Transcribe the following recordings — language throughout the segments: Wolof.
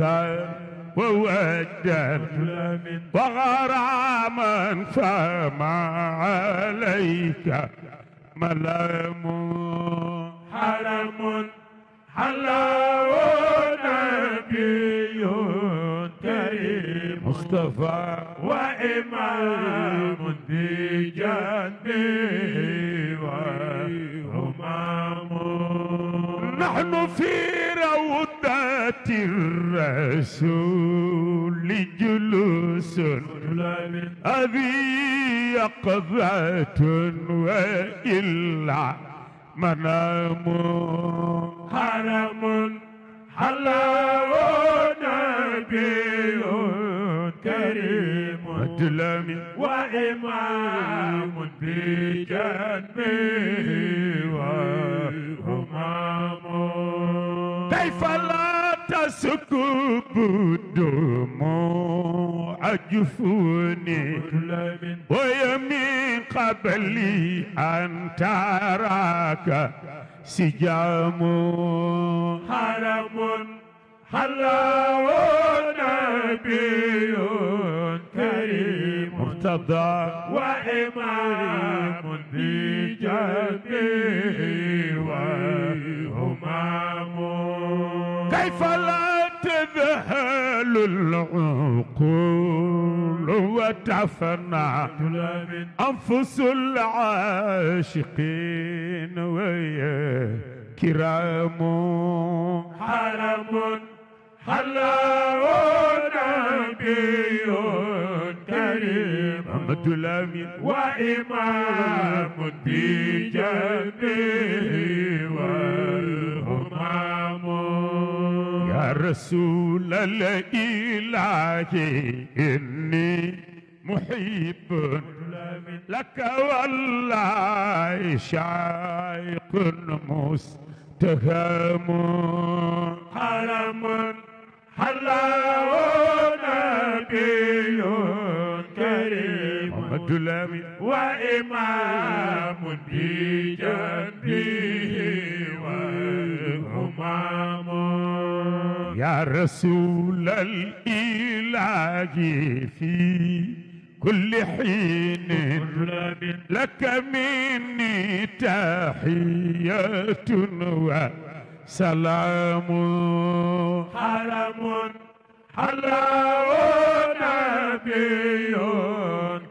وكان وودم وغراما فما عليك ملام حرم حلاوة نبي كريم مصطفى وإمام ذي جنبي وهمام نحن في الرسول جلوس أبي يقظة وإلا منام حرم حلاو نبي كريم مدلم وإمام بجنبه وهمام كيف الله تسك بدموع جفوني ويمين قبلي أن تراك سجام حرم حلاو نبي كريم مرتضى وإمام ذي جنبه وهمام كيف لا تذهل العقول وتفنى أنفس العاشقين ويا كرام حرم حلاوة نبي كريم محمد الأمين وإمام بجنبه جنبه رسول الإله إني محب لك والله شايق مستهام حرم حلاو نبي كريم وإمام بجنبه وهمام يا رسول الإله في كل حين لك مني تحية وسلام حرم حلاو نبي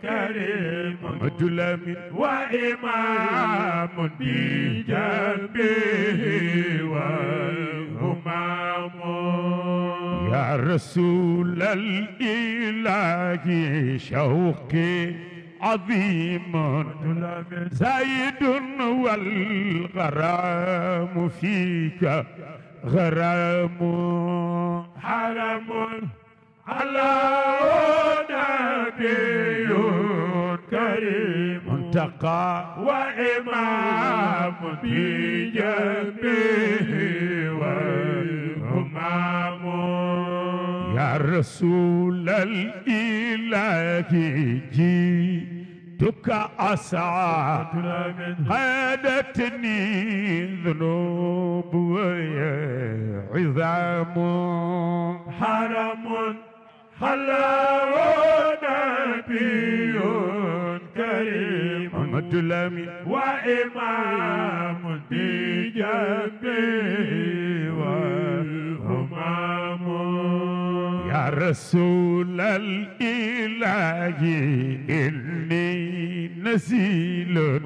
كريم مجلم وإمام بجنبه وال يا رسول الإله شوقي عظيم زيد والغرام فيك غرام حرم على نبي كريم منتقى وإمام بجنبه رسول الإله جئتك أسعى قادتني ذنوب عظام حرم خلاه نبي كريم مدلم وإمام بجنبه والهمام رسول الإلهي إني نزيل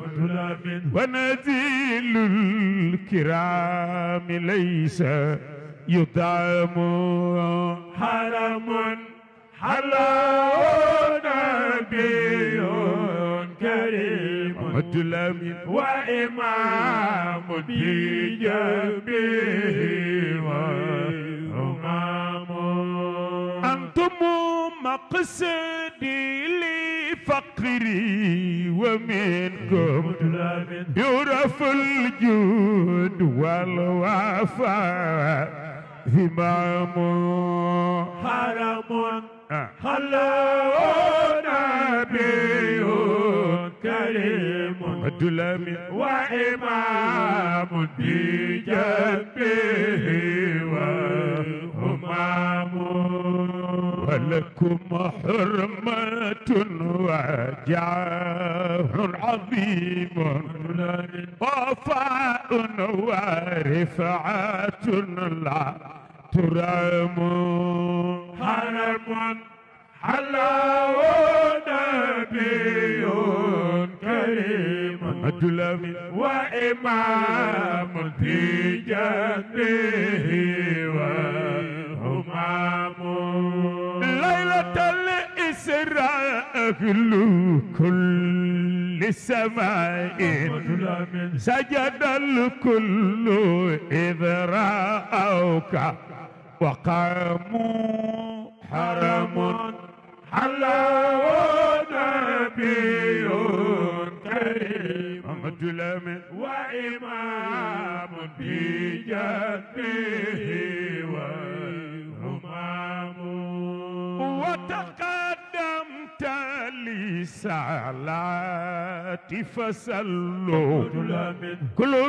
ونزيل الكرام ليس يطعم حرم حلاوة نبي كريم مدلم وإمام بجبه أنتم مقصدي لفقري ومنكم يرف الجود والوفاء همام حرم خلوا نبي كريم ودلم وإمام بجنبه وهمام ولكم حرمة وجاه عظيم وفاء ورفعة لا ترام حرم حلاو نبي كريم مدلم وإمام في جنبه وهمام السراء أغلو كل السماء سجد الكل إذ رأوك وقاموا حرم حلاوة نبي كريم مدلم وإمام في جنبه لي سالاتي فسلوا كل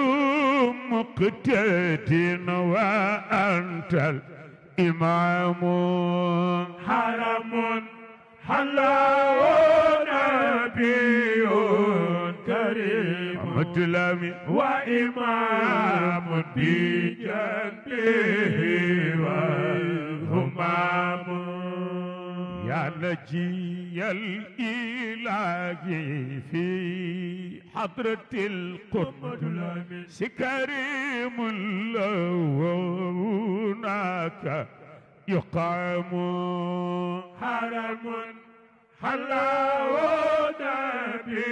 مقتد وأنت الإمام حرم حلاوة نبي كريم مجلم وإمام بجنبه والهمام يا نجي الإلهي في حضرة القمر سكريم هناك يقام حرم حلاوة نبي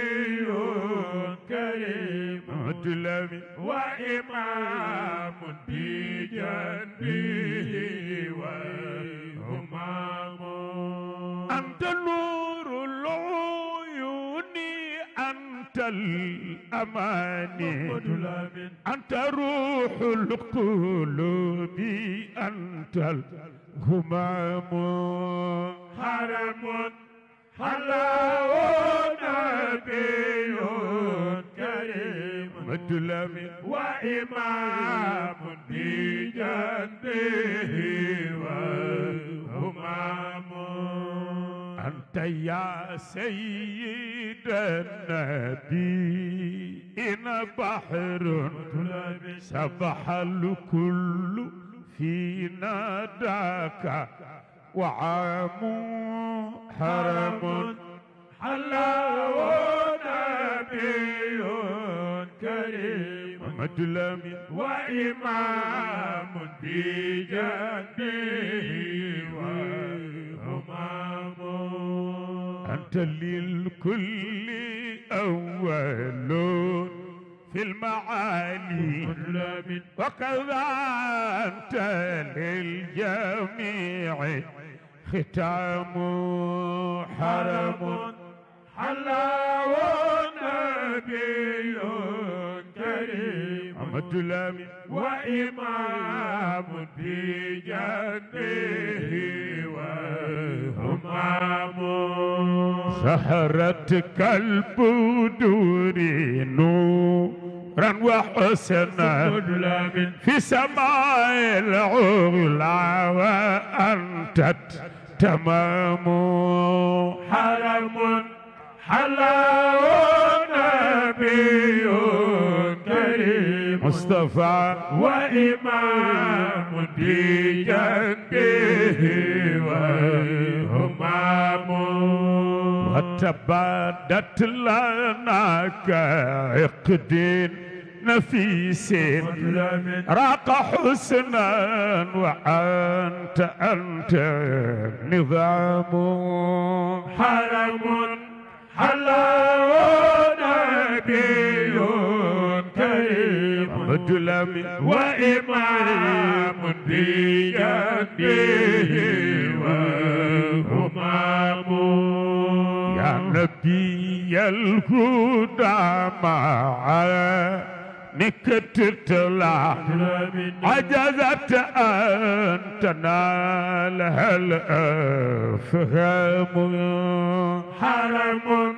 كريم مدلم وإمام بجنبه وهمام نور العيون أنت الأماني أنت روح القلوب أنت الهمام حرم حلاوة نبي كريم مدلم وإمام بجنبه وهمام يا سيد النبي إن بحر سبح الكل في ناداك وعام حرم حلاوة نبي كريم مدلم وإمام بجنبه أنت للكل أول في المعالي وكذا أنت للجميع ختام حرم حلاو نبي كريم محمد الأمين وإمام في جنبه وهمام سهرت كالبدور نورا وحسنا في سماء العلا وأنت تمام حرم حلاو نبي كريم مصطفى وإمام في جنبه تبادت لناك عقد نفيس راق حسنا وأنت أنت نظام حرم حلا نبي كريم مجلم وإمام بيده وهمام نبي الهدى مع نكت تطلع عجزت أن تنالها الأفهام حرم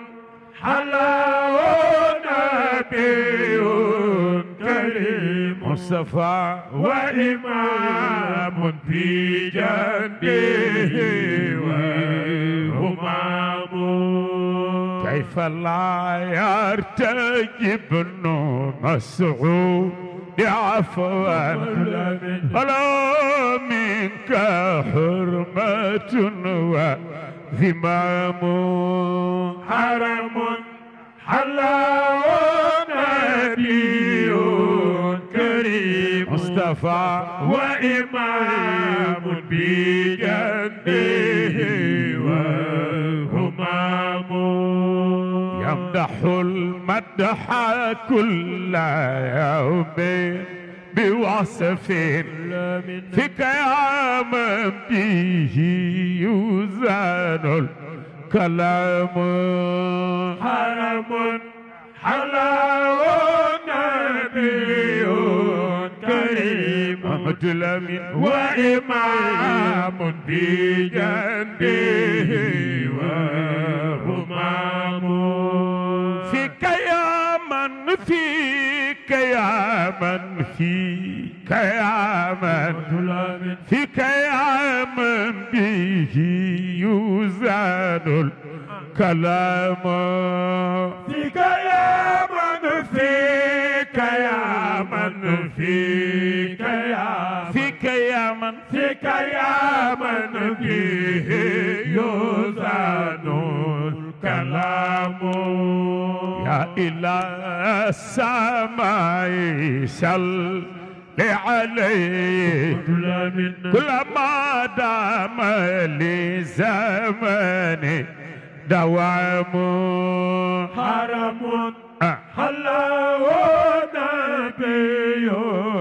حلاوة نبي كريم مصطفى وإمام في جنبه وهمام كيف لا يرتجي ابن مسعود عفوا ولا منك حرمة وذمام حرم حلا ونبي مصطفى وإمام بجنبه والهمام يمدح المدح كل يوم بوصف فيك يا من به يوزان الكلام حرم حلاوة نبيه كريم أحمد الأمين وإمام بجنبه وهمام فيك يا من فيك يا من فيك يا من فيك يا من به يوزن الكلام يا من به يوزن الكلام يا إلى السماء سل عليه كل ما دام لزمن دوام حرم حلو آه. نبيه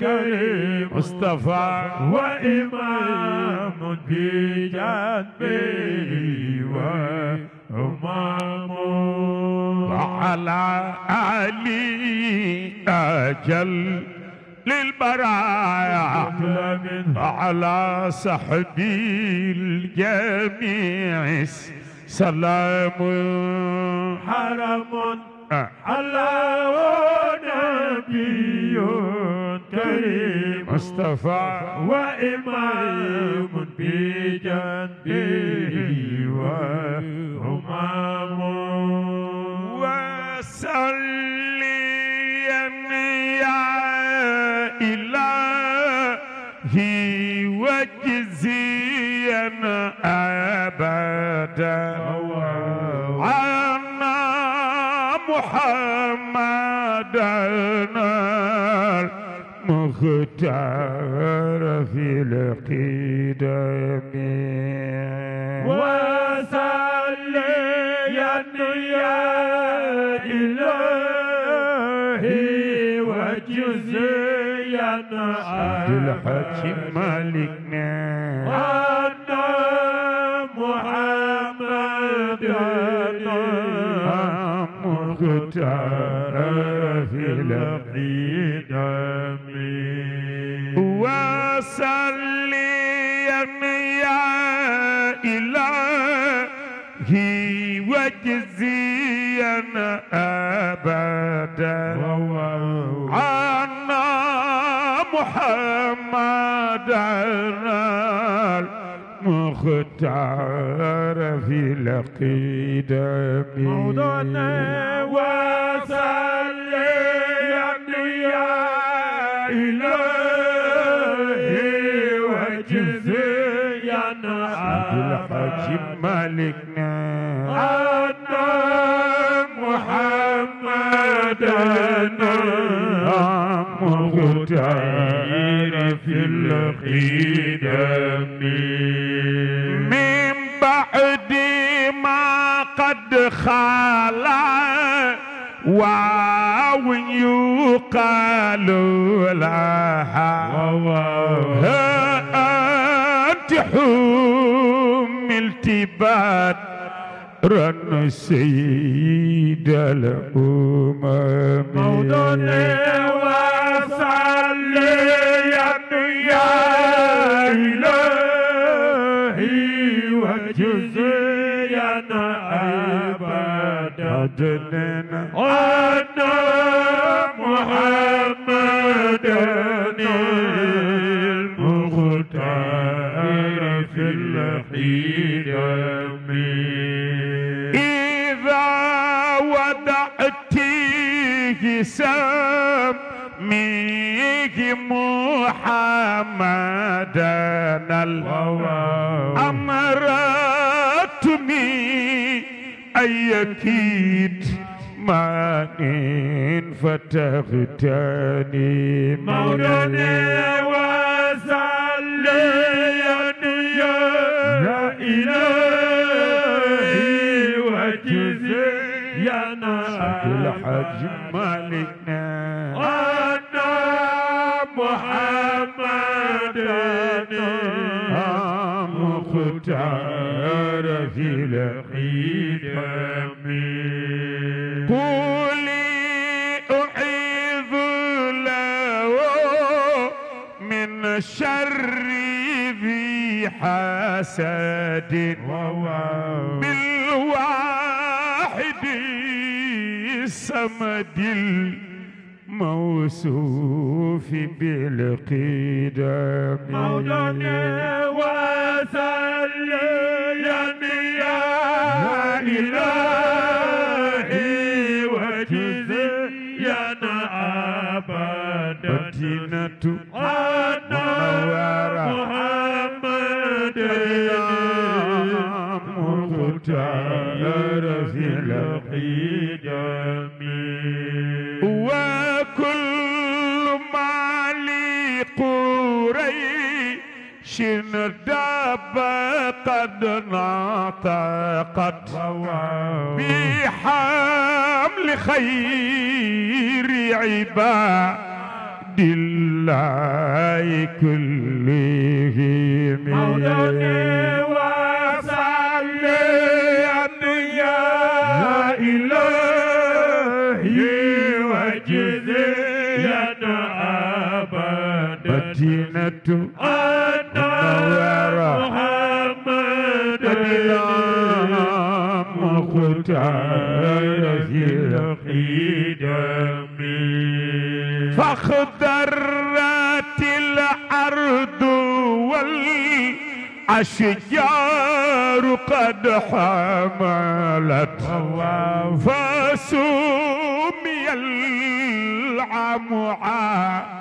كريم مصطفى وإمام بجنبه وأمام وعلى علي أجل للبرايا على صحبي الجميع سلام حرم آه. على نبيه كريم مصطفى وإمام بجنبه وهمام وسليا يا إلهي وجزينا أبدا عنا محمدنا مختار في القدم وصلي يا إلهي وجزيا عبد الحكيم مالكنا أن محمد مختار في القدم صلي يا إلهي واجزينا أبدا عنا محمد المختار في القدم موضعنا وصلي يا هاشم ملكنا أن محمدنا مغتير في الخدم من بعد ما قد خلا واو يقال لها بدرا سيد الأمم موضوعي وصليا يا إلهي وجزيا أبدا أنا محمد سميه محمدا أمرتني أن يكيد ما إن فتحتني مولانا وسليني لا إله وجزينا الحجم العار في الحيتم قولي أحيظ له من شر في حسد بالواحد الصمد موسوف بالقدم مولانا وأصلي يميا إلهي وجزي يا أبدا مدينة أنا محمد مختار في القيام شن دابة قد ناطقت بحمل خير عباد الله كلهم مولانا أخضرت الارض والاشجار قد حملت فسمي العمعاء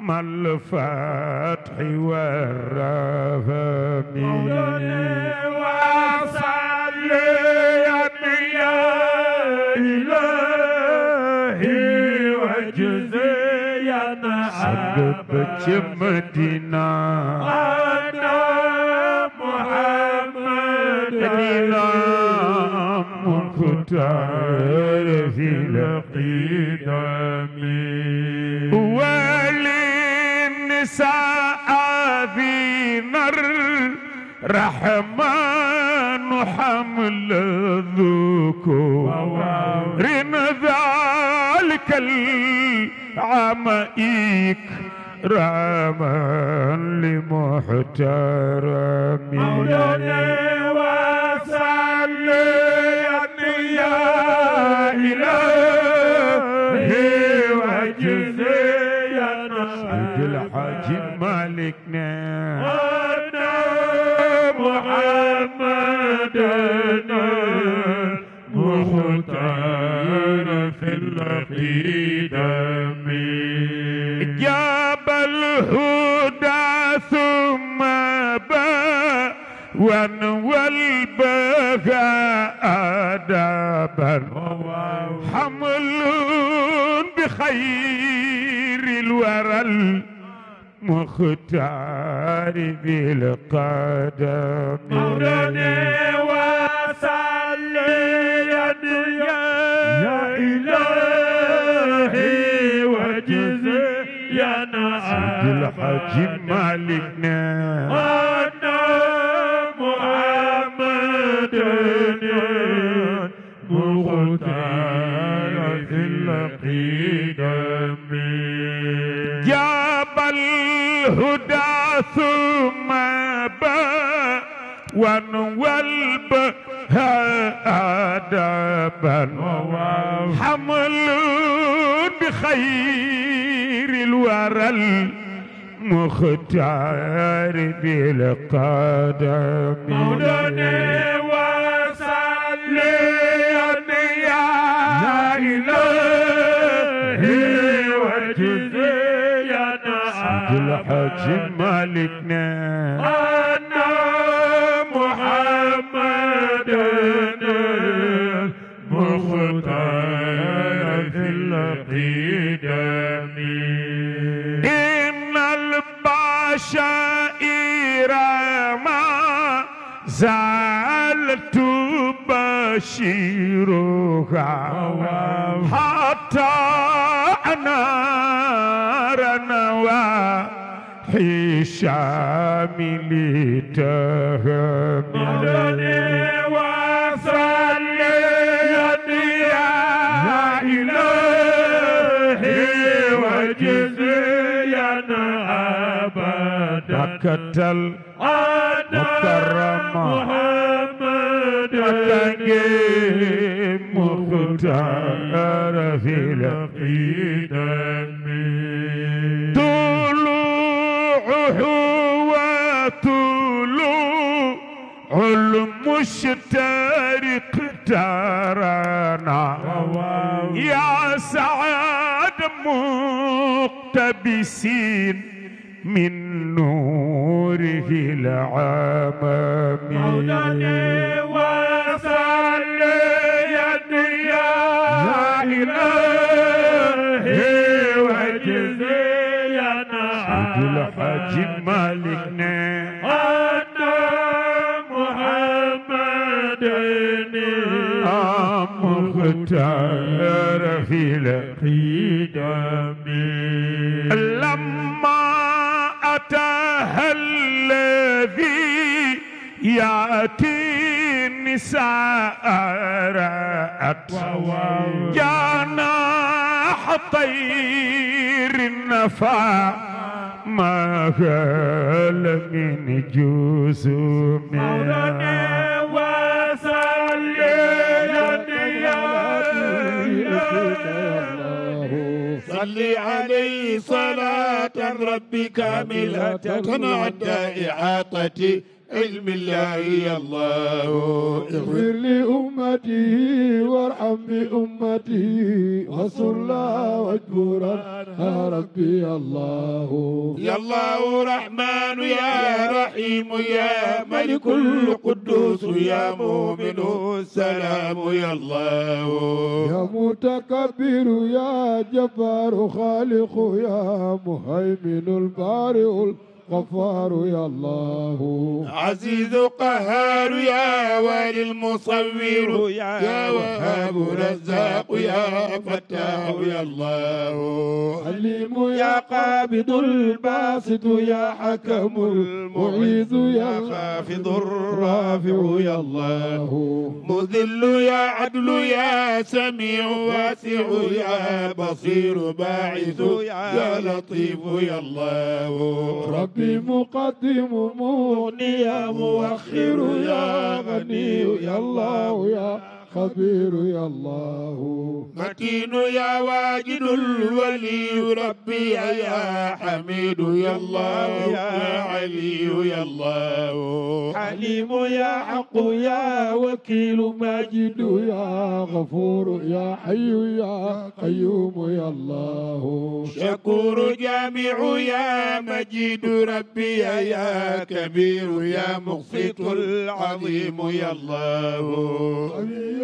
ما الفتح والرفم وصلي يا بچ مدینہ آنا محمد مدینہ مختار في القدم وللنساء ذينر رحمن حمل الذكور ذلك العمائك إكراما لمحترم مولانا وصلي يا إلهي وجزيا عبد الحاج مالكنا نعم. أنا محمدنا محتار في العقيده والبقاء ادبا حمل بخير الورى المختار بالقدم مولانا وصلي يا الهي وجزي يا نعم الحجم مالكنا محمد مختار في القدم جاب الهدى ثم باء حمل بخير الورى مختار بالقدم مولانا وسلم يا إلهي وجزينا عبد الحج مالكنا آه. زالت بشيرها حتى أنارنا وحشام لتهمي جزيا أبدا تكتل آه. مكرم محمد مختار في لقيدة طلوعه وطلوع المشترق ترنا يا سعد مقتبسين من نوره العمام مولانا وصلي يا إلهي وجزينا سيد الحاج مالكنا أنا محمد مختار في القدم الذي يأتي النساء رأت ناح طير النفا ما غل من جزم مولانا صل علي صلاة ربي كاملة تنع إعاطتي علم الله يا الله اغفر لأمتي وارحم بأمتي وصل الله واجبر يا ربي يا الله يا الله رحمن يا رحيم يا ملك القدوس يا مؤمن السلام يا الله يا متكبر يا جبار خالق يا مهيمن البارئ غفار يا الله عزيز قهار يا والي المصور يا, يا وهاب رزاق يا فتاح يا الله حليم يا قابض الباسط يا حكم المعيذ يا خافض الرافع يا الله مذل يا عدل يا سميع واسع يا بصير باعث يا لطيف يا الله رب ربي مقدم مغني يا مؤخر يا غني يا الله يا خبير يا الله متين يا واجد الولي ربي يا حميد يا الله يا علي يا الله حليم يا حق يا وكيل ماجد يا غفور يا حي يا قيوم يا الله شكور جامع يا مجيد ربي يا كبير يا مخفت العظيم يا الله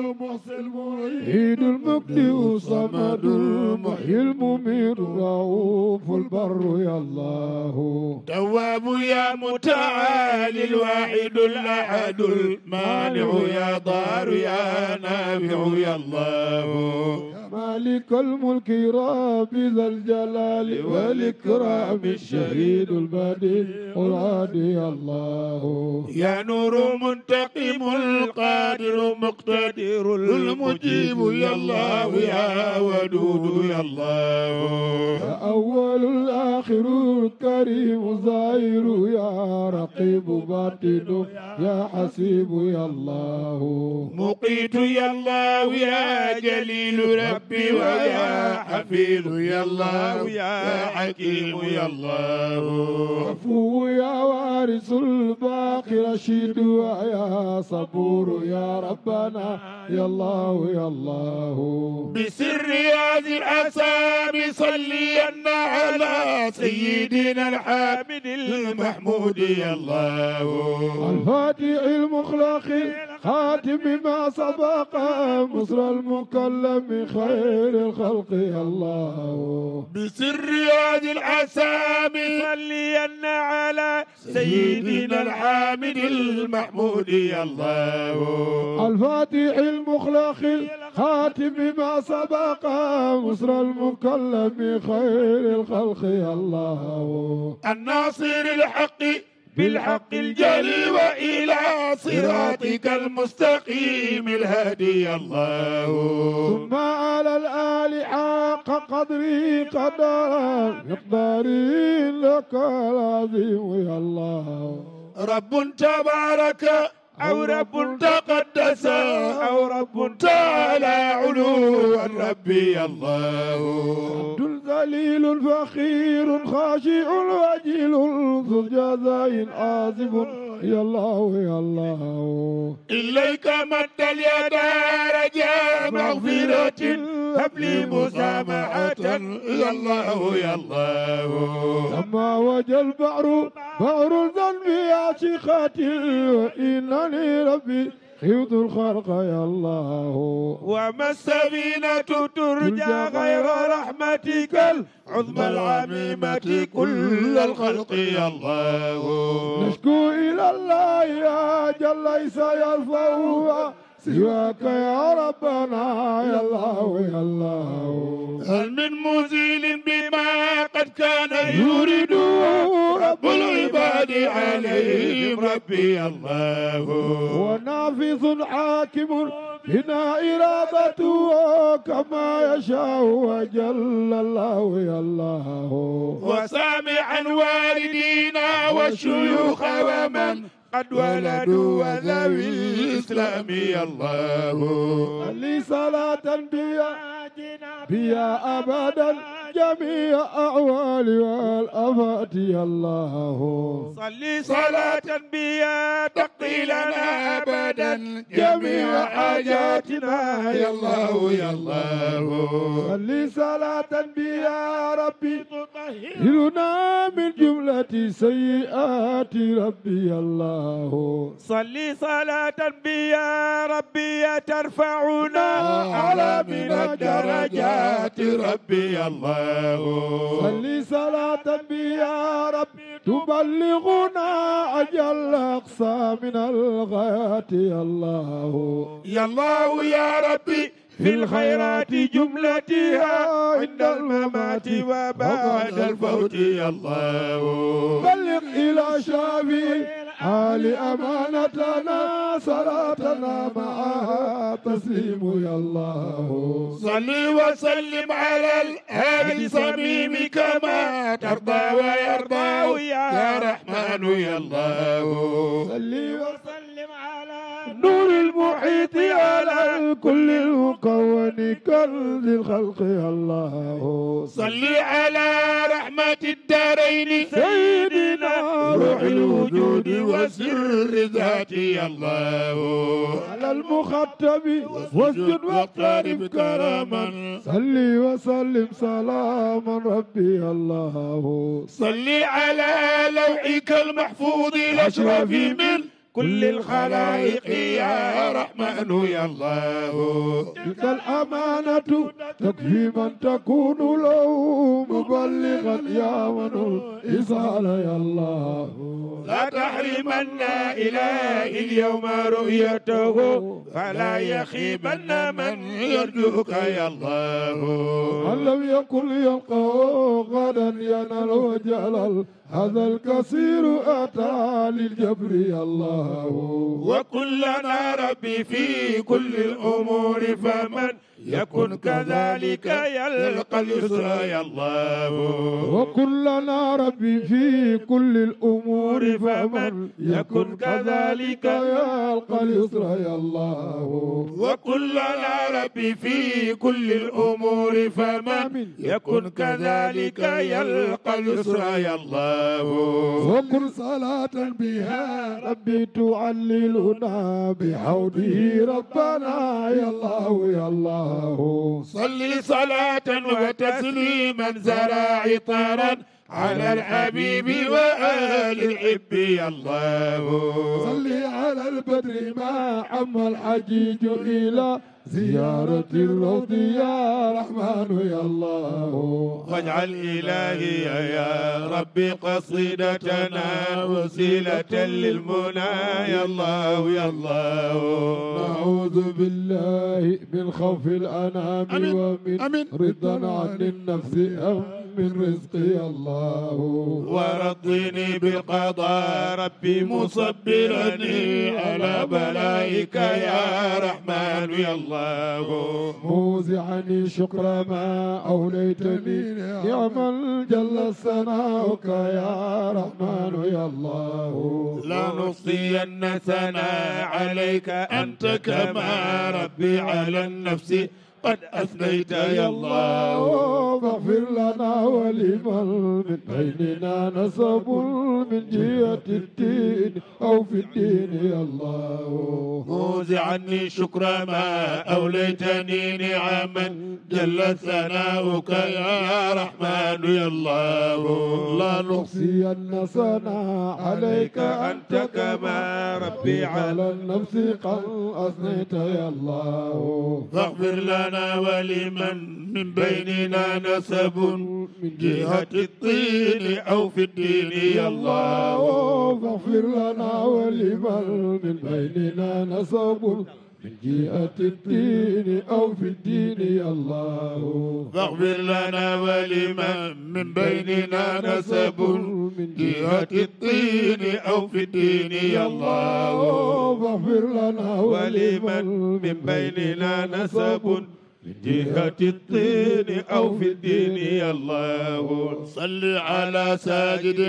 عيد المعيد المبدي وصمد المحيي المميت رؤوف البر يا الله تواب يا متعالي الواحد الاحد المانع يا ضار يا نافع يا الله مالك الملك رب ذا الجلال والإكرام الشهيد البديع الهادي الله يا نور منتقم القادر مقتدر المجيب يا الله يا ودود يا الله يا أول الآخر الكريم الظاهر يا رقيب باطن يا حسيب يا الله مقيت يا الله يا جليل رب ربي ويا حفيظ يا الله ويا حكيم يا الله عفو يا وارث الباقي رشيد ويا صبور يا ربنا يا الله يا الله بسر هذه الأسامي صلينا على سيدنا الحامد المحمود يا الله الفاتح المخلق خاتم ما سبق مصر المكلم خير خير الخلق الله بسر ياد الأسامي صلينا على سيدنا الحامد المحمود الله الفاتح المخلق الخاتم بما سبق مصر المكلم خير الخلق الله الناصر الحق بالحق الجلي وإلى صراطك المستقيم الهادي الله ثم على الآل حق قدري قدرا مقداري لك العظيم يا الله رب تبارك أو رب تقدس أو رب تعالى علوا ربي الله عبد ذليل فخير خاشع وجيل ذو جزاء عازب يا الله يا الله إليك مد اليد رجاء مغفرة هب لي مسامحة يا الله يا الله لما وجه البحر فور الذنب يا إنني ربي خيوط الخلق يا الله وما السفينة ترجى غير رحمتك العظمى العميمة كل الخلق يا الله نشكو إلى الله يا جل ليس يرفعها سواك يا ربنا يا الله يا الله هل من مزيل بما قد كان يريد رب العباد عليهم ربي الله ونافذ حاكم هنا إرادته كما يشاء وجل الله يا الله وسامعا والدينا والشيوخ ومن قد ولدوا وذوي الإسلام الله صلي صلاة بيا بيا أبدا جميع أعوالي والأفات يا الله صلي صلاة بيا تقضي لنا أبدا جميع حاجاتنا يا الله يا الله صلي صلاة بيا ربي تطهرنا من جملة سيئات ربي يا الله صلي صلاة بيا ربي ترفعنا على من الدرجات ربي الله صلي صلاة يا رب تبلغنا أجل أقصى من الغاية يا الله يا الله يا ربي في الخيرات جملتها عند الممات وبعد الفوت يا الله بلغ إلى شعبي آل أمانتنا صلاتنا معها تسليم يا الله صل وسلم على الهادي صميم كما ترضى ويرضى يا رحمن يا الله صل وسلم على نور المحيط على كل المكون كل الخلق الله صل على رحمة الدارين سيدنا روح الوجود وسر ذاتي الله على المخطب واسجد واقترب كراما صلي وسلم سلاما ربي الله صلي على لوحك المحفوظ الأشرف من كل الخلائق يا رحمن يا الله تلك الأمانة تكفي من تكون له مبلغا يا من إسهال يا الله لا تحرمن إلهي اليوم رؤيته فلا يخيبن من يرجوك يا الله من لم يكن يلقاه غدا ينال الله هذا القصير أتى للجبر الله وقل لنا ربي في كل الأمور فمن يكن كذلك يلقى اليسر يا الله وكلنا ربي في كل الأمور فمن يكن كذلك يلقى اليسر يا الله وكلنا ربي في كل الأمور فمن يكن كذلك يلقى اليسر يا الله وكل صلاة بها ربي تعللنا بحوله ربنا يا الله يا الله الله صل صلاة وتسليما زرع عطارا على الحبيب وآل الحب يا الله صل على البدر ما حمى الحجيج إلى زيارة الأرض يا رحمن يا الله واجعل إلهي يا ربي قصيدتنا وسيلة للمنى يا الله يا الله نعوذ بالله من خوف الأنام ومن أمين رضا عن النفس أم من رزقي الله ورضني بقضاء ربي مصبرني على بلائك يا رحمن يا الله الله موزعا شكر ما أوليتني نعم جل ثناؤك يا رحمن يا الله لا نحصين ثناء عليك أنت كما ربي على النفس قد أثنيت يا الله فاغفر لنا ولمن من بيننا نصب من جهة الدين أو في الدين يا الله فوز عني شكر ما أوليتني نعما جل ثناؤك يا رحمن يا الله لا نحصين ثناء عليك أنت كما ربي على النفس قد أثنيت يا الله فاغفر لنا لنا ولمن من بيننا نسب من جهة الطين أو في الدين يا الله فاغفر لنا ولمن من بيننا نسب من جهة الدين أو في الدين يا الله فاغفر لنا ولمن من بيننا نسب من جهة الطين أو في الدين يا الله فاغفر لنا ولمن من بيننا نسب في جهة الطين أو في الدين يا الله صل على ساجد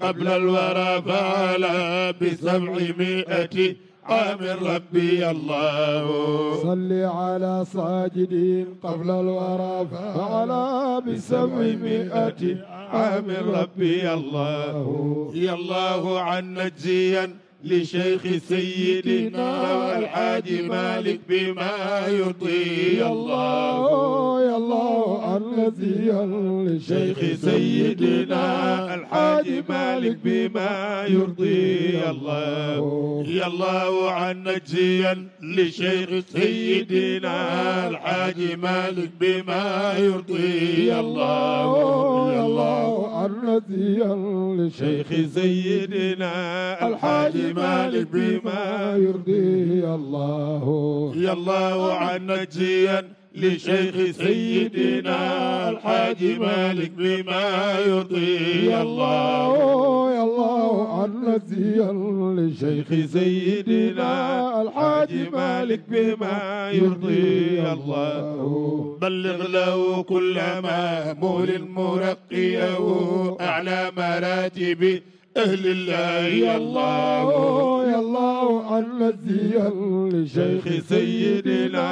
قبل الورى فعلى بسبعمائة عام ربي الله صل على ساجد قبل الورى فعلى بسبعمائة عام ربي الله يا الله عن نجزيا لشيخ سيدنا الحاج مالك بما يرضي الله يا الله الذي لشيخ سيدنا الحاج مالك بما يرضي الله يا الله عن نجزيا لشيخ سيدنا الحاج مالك بما يرضي الله يا الله الذي لشيخ سيدنا الحاج مالك بما يرضيه الله يا الله عن نجيا لشيخ سيدنا الحاج مالك بما يرضي الله يا الله عن نزيا لشيخ سيدنا الحاج مالك بما يرضي الله بلغ له كل مامول مرقيه اعلى مراتبه أهل الله يا الله يا الله عن لشيخ سيدنا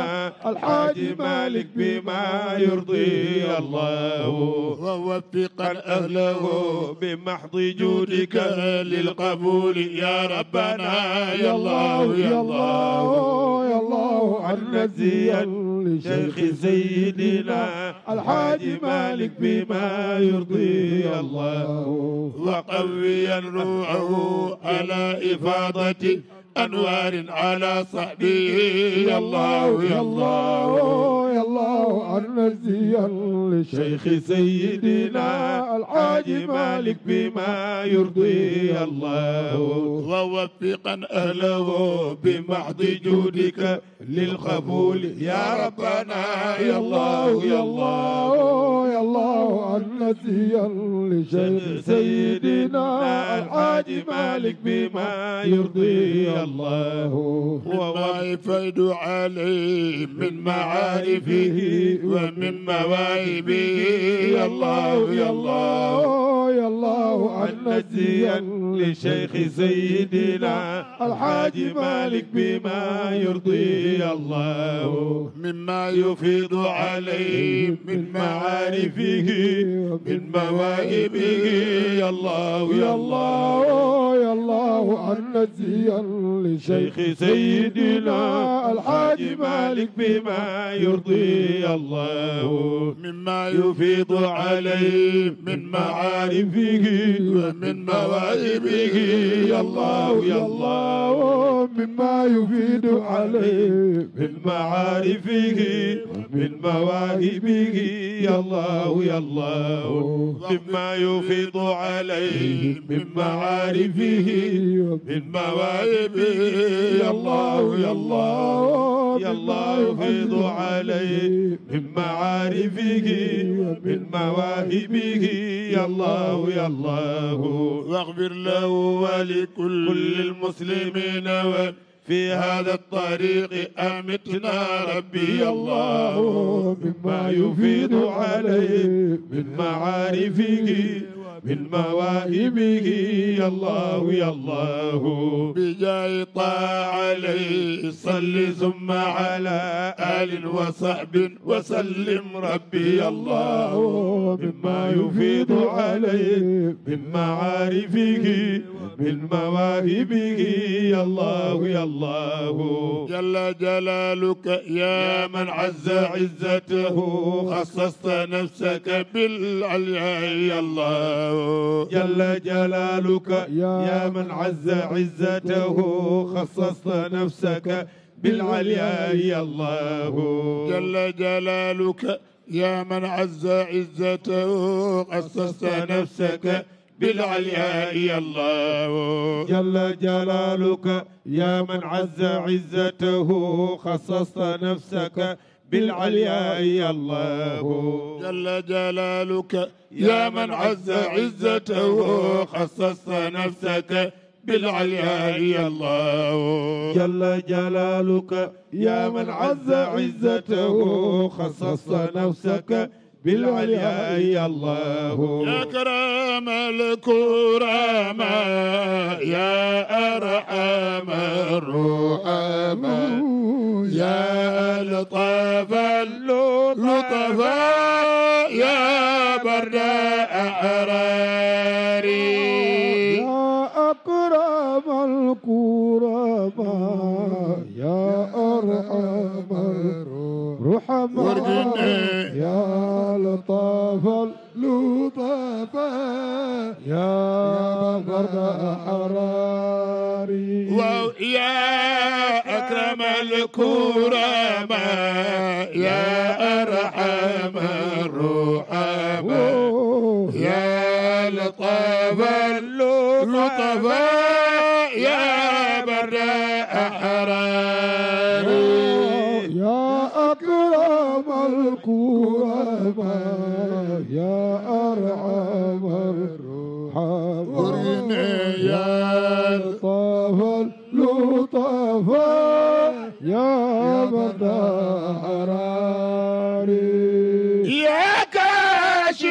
الحاج مالك بما يرضي الله ووفق أهله بمحض جودك للقبول يا ربنا يا الله يا الله يا الله عن لشيخ سيدنا الحاج مالك بما يرضي الله وقوي ينروعه على إفاضة أنوار على صحبه يا الله يا الله يا الله أنزيا لشيخ سيدنا الحاج مالك بما يرضي الله ووفقا أهله بمحض جودك للقبول يا ربنا يا الله يا الله يا الله أنزيا لشيخ سيدنا الحاج مالك بما يرضي الله الله وما يفيد عليه من معارفه ومن مواهبه يا الله يا الله يا الله نزيا لشيخ سيدنا الحاج مالك بما يرضي الله مما يفيض عليه من معارفه من مواهبه يا الله يا الله يا الله نزيا كل شيء شيخ سيدنا الحاج مالك بما يرضي الله مما يفيض عليه من معارفه ومن مواهبه يا الله يا الله مما يفيد عليه من معارفه من مواهبه يا الله يا الله مما يفيض عليه من معارفه من مواهبه يا الله يا الله يا الله يفيض علي من معارفه من مواهبه يا الله يا الله واغفر له ولكل المسلمين في هذا الطريق أمتنا ربي الله مما يفيد عليه من معارفه من مواهبه يا الله يا الله بجاي طاع عليه صل ثم على آل وصحب وسلم ربي يا الله مما يفيض عليه من معارفه من مواهبه يا الله يا الله جل جلالك يا من عز عزته خصصت نفسك بالعلياء يا الله جل جلالك يا من عز عزته خصصت نفسك بالعلياء يا الله جل جلالك يا من عز عزته خصصت نفسك بالعلياء يا الله جل جلالك يا من عز عزته خصصت نفسك بالعلياء الله جل جلالك يا من عز عزته خصصت نفسك بالعلياء الله جل جلالك يا من عز عزته خصصت نفسك بالعلياء الله يا كرام الكرامة يا أرحم الرحمن يا لطف اللطف يا برد احراري يا أكرم الكرماء يا أرحم الرحماء يا لطف اللطف يا برد أعراري يا أكرم الكرماء يا أرحم الرحماء يا لطف اللطفاء يا برأ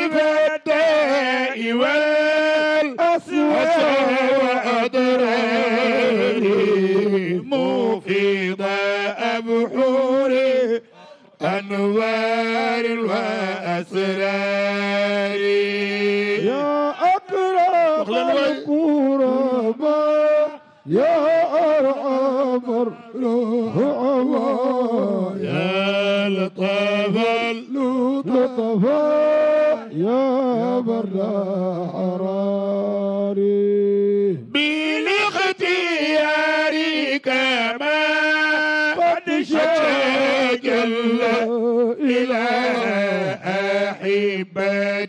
birthday, you were.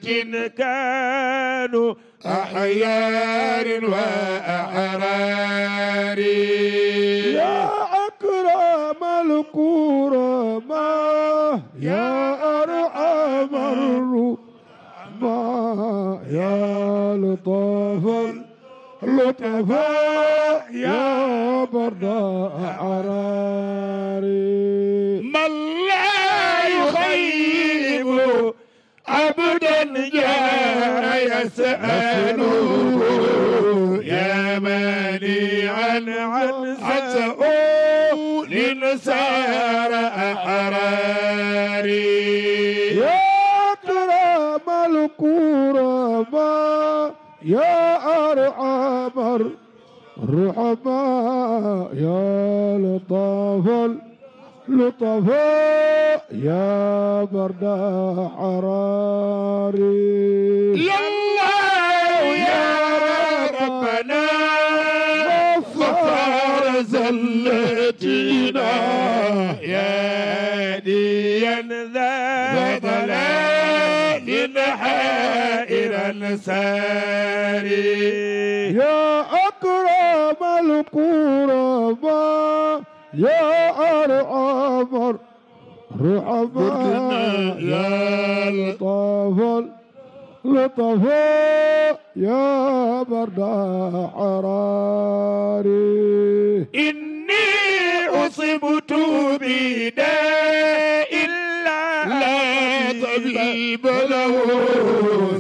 لكن كانوا أحيار وأحرار يا أكرم الكرماء يا أرحم الرحماء يا لطف اللطفاء يا برد أحراري عبدا جاء يسأل يا مانعا عن سؤول سار أحراري يا أكرم الكرماء يا أرحم الرحماء يا لطاف لطفاء يا برد حراري يا الله يا ربنا غفر زلتنا يا ديا ذا ضلال حائرا ساري يا أكرم القربان يا العمر رحمة يا لطف لطف يا برد حراري إني أصبت بداء الله الحبيب له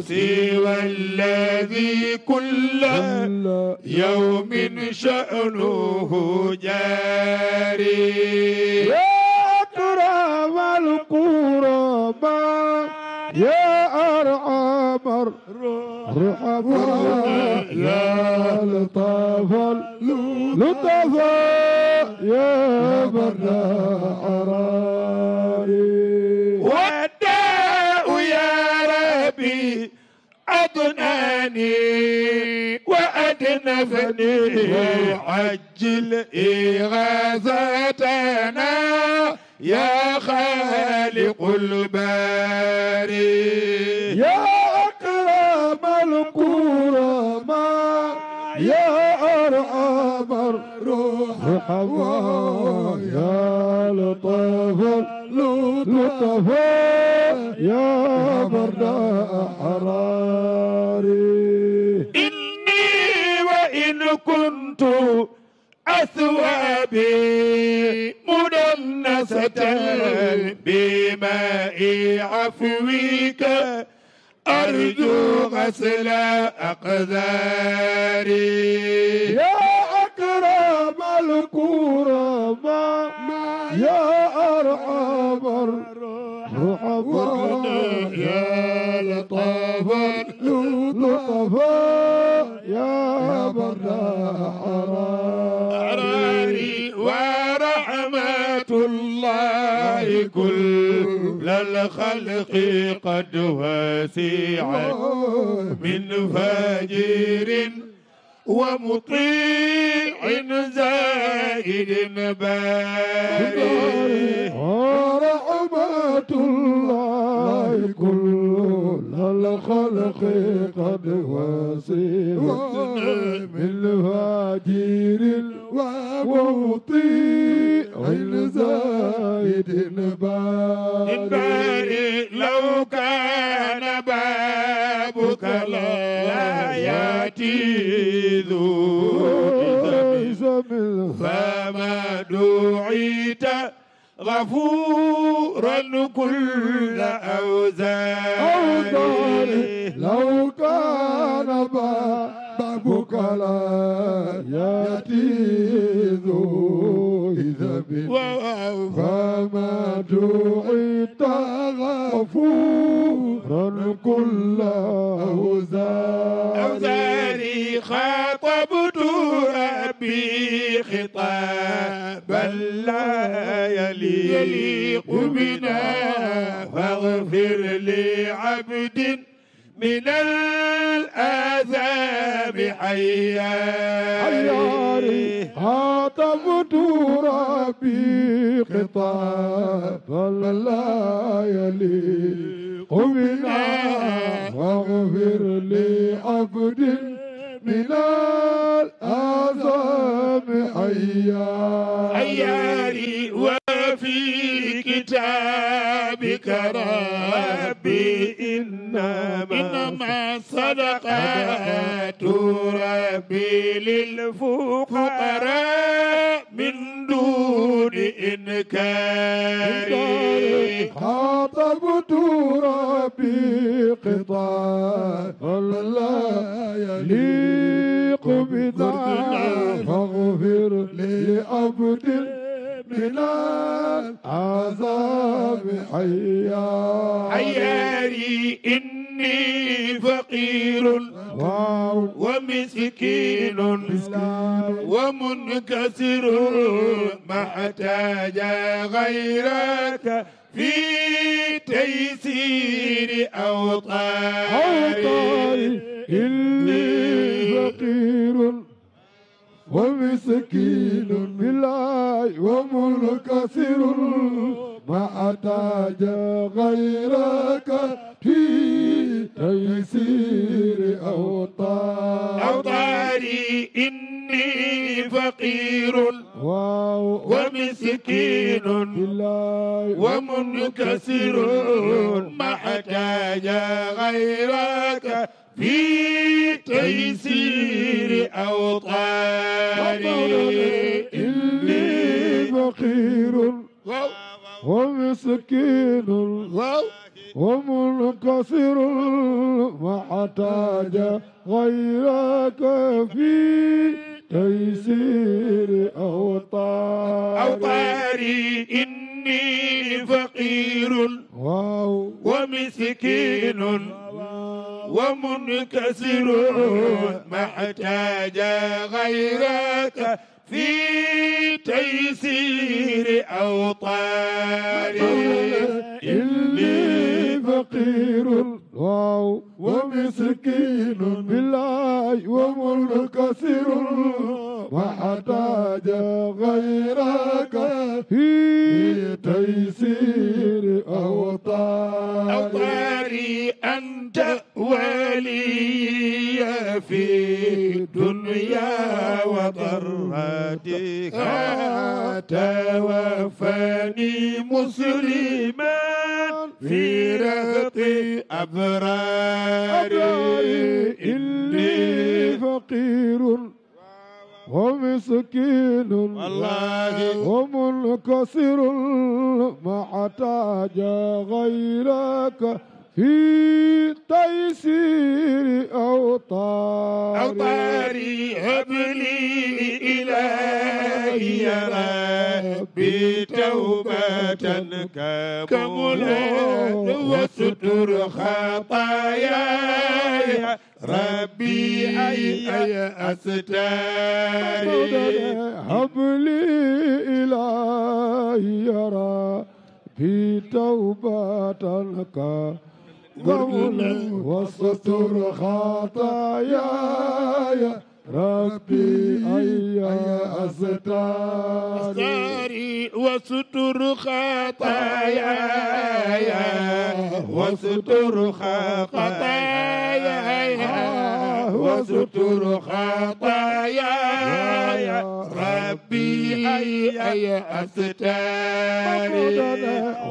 سوى الذي كل يوم شأنه جاري يا أكرم القربى يا أرحم الرحمن يا لطف لطف يا بنا أرائي أدناني وأدنفني وعجل إغاثتنا يا خالق الباري يا أكرم الكرماء يا أرحم الرحماء يا لطف لطف يا برد أحرار ناري إني وإن كنت أثوابي مدنسة بماء عفوك أرجو غسل أقداري يا أكرم الكرماء يا أرحم الراحمين غفرنا يا لطافا لطفا يا برا عراري ورحمة الله كل الخلق قد وسعت من فاجر ومطيع زائد باري آه، صفات الله كل الخلق قد من بالهاجير ومطيع زايد بعد غفورا كل أوزار لو كان بابك لا يأتي ذو إذب فما دعيت غفورا كل أوزان خاطبت ربي خطابا لا يليق بنا فاغفر لعبد من الآثام حيا خاطبت ربي خطابا لا يليق بنا فاغفر لعبد من الأعظم حيا حيا لي وفي كتابك ربي إنما إنما صدقات ربي للفقراء من دون إنكار خاطبت ربي قطار لا يليق بذا فاغفر لأبد بلا عذاب حيا حياري إني فقير ومسكين ومنكسر ما احتاج غيرك في تيسير أوطاري إني فقير ومسكين بالله ومنكسر ما أتاج غيرك في تيسير أوطاري أوطاري إني فقير ومسكين بالله ومنكسر ما أحتاج غيرك في تيسير أوطاني إني فقير ومسكين ومنكسر واحتاج غيرك في تيسير أوطاري أوطاري إني فقير واو ومسكين ومنكسر ما احتاج غيرك في تيسير أوطاري إني فقير واو ومسكين بالله ومر كثير وحتاج غيرك في تيسير أوطاري أوطاري أنت ولي في دنيا وضراتك آه. توفني مسلماً في رهط أبراري إني فقير ومسكين والله ومنكسر ما احتاج غيرك في تيسير أوطاري أوطاري هبلي إلهي يا ربي توبة كاملة وستر خطاياي ربي أي أي أستاري هبلي إلهي يا ربي توبة كاملة غربل وستر خطاياي ربي أي أستار وستر خطاياي وستر خطاياي وستر خطاياي ربي أي أستاري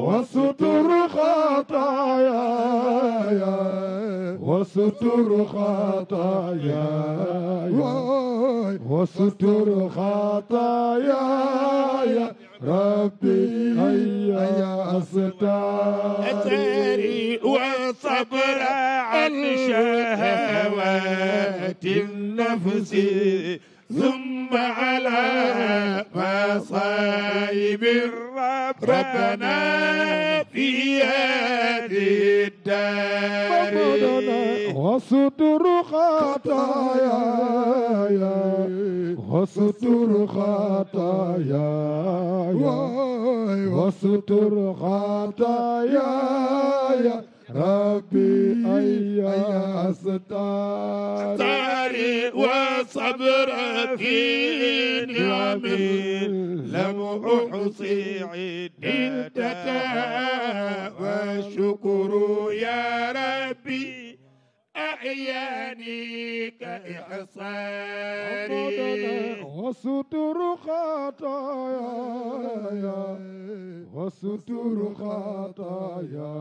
وستر خطاياي وستر خطايا وستر خطاياي ربي هيا أستار أتاري والصبر عن شهوات النفس ثم على مصائب الرب ربنا في هذه الدار وستر خطايا وستر خطايا, وستر خطايا ربي أي ستاري وصبر في نعمي لم أحصي عدتك وشكر يا ربي إياني كإحصاني وستر خطايا وستر خطايا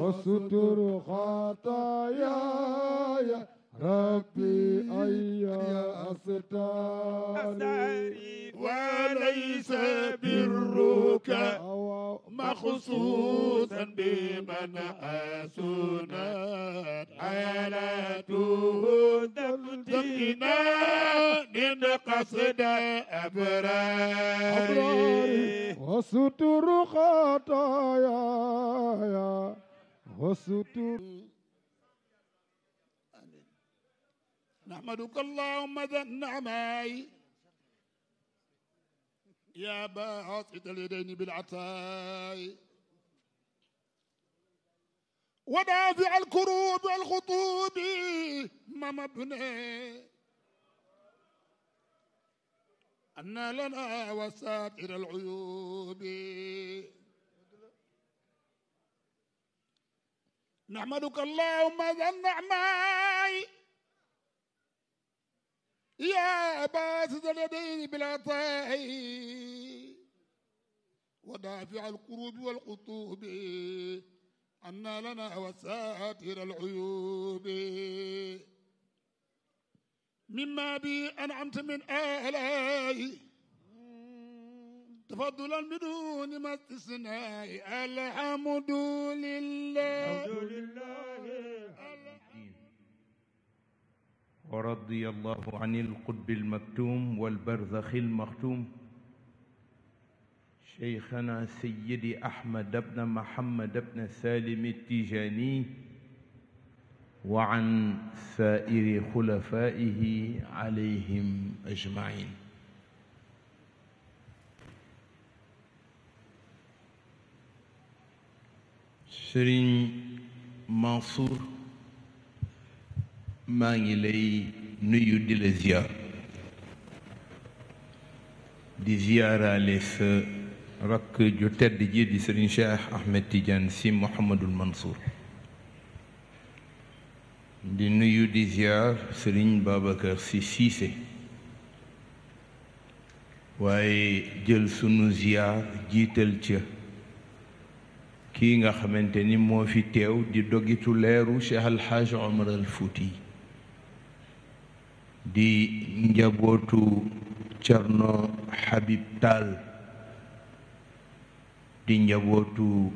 وستر خطايا ربي أي أستار وليس برك مخصوصا بمن أسنت حالته تبتينا من قصد أبرار وستر خطايا وستر نحمدك اللهم ذا النعماء يا باعطيت اليدين بالعطاء ودافع الكروب والخطوب ما مبني أن لنا وساتر العيوب نحمدك اللهم ذا النعمائي يا باسط اليدين بالعطاء ودافع القروب والقطوب أنا لنا وساتر العيوب مما بي أنعمت من آلائي تفضلا بدون ما استثناء الحمد لله الحمد لله ورضي الله عن القطب المكتوم والبرزخ المختوم شيخنا سيدي أحمد بن محمد بن سالم التيجاني وعن سائر خلفائه عليهم أجمعين سرين Mansour ما لي نيو دي لزيار دي زيارة لف رك جو تد جي دي سرين شاح أحمد تيجان سي محمد المنصور دي نيو دي زيار سرين بابا كر سي سي سي واي جل سنو زيار جي تل تيه كي نغا خمنتني مو في تيو دي دوغي تو ليرو شيخ الحاج عمر الفوتي di njabootu Cerno Habib Taal di njabootu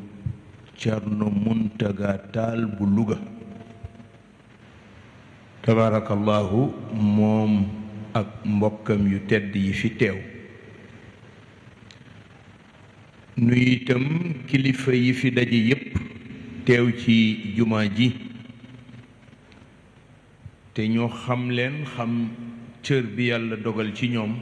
Cerno Muntaga Taal bu Luga tabaarakallaahu moom ak mbokkam yu tedd yi fi teew nuy kilifa yi fi daje yépp teew ci jumaa ji te ñoo xam leen xam cër bi yàlla dogal ci ñoom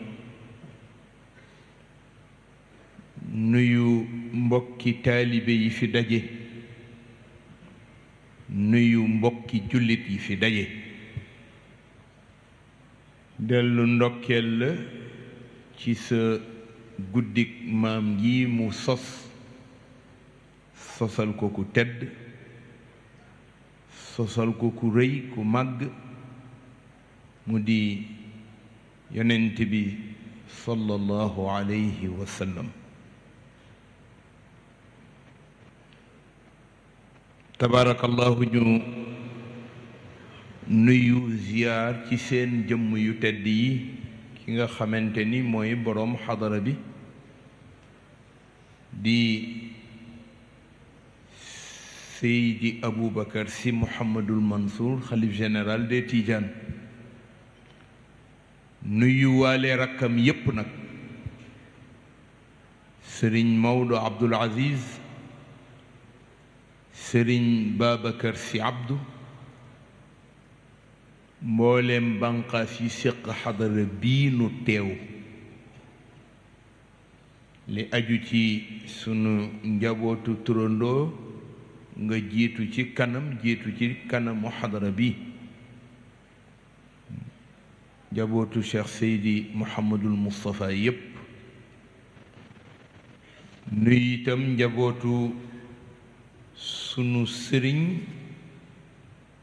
nuyu mbokki taalibe yi fi daje nuyu mbokki jullit yi fi daje dellu ndokkeel la ci sa guddik maam gi mu sos sosal ko ku tedd sosal ko ku rëy ku màgg مدي يننتبي صلى الله عليه وسلم تبارك الله جو نيو زيار كي سين جم يو تدي كيغا خامنتيني موي بروم حضره بي دي سيدي ابو بكر سي محمد المنصور خليفه جنرال دي تيجان nuyuwaale rakkam yépp nag sëriñ Maodo Abdul Aziz sëriñ Babacar ci Abdou mboolem banqaas yi séq xadara bii nu teew li aju ci sunu njabootu turandoo nga jiitu ci kanam jiitu ci kanamu xadara bi jabootu cheikh seydi mouhamadul moustapha yépp nuy itam njabootu sunu sëriñ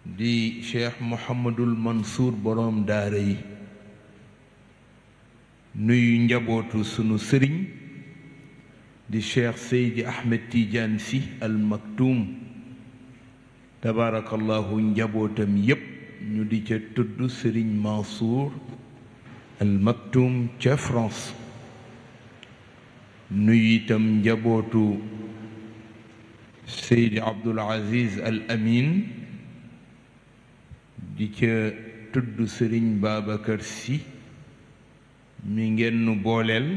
di cheikh mouhamadul mansour boroom daara yi nuyu njabootu sunu sëriñ di cheikh seydi ahmed tidiane si al maktoum tabarakallahu njabootam yépp ñu di ca tudd Serigne Mansour al Maktoum ca France nuyu itam njabootu Seydi Abdul Aziz al Amin di ca tudd Serigne Babacar Sy mi ngeen nu booleel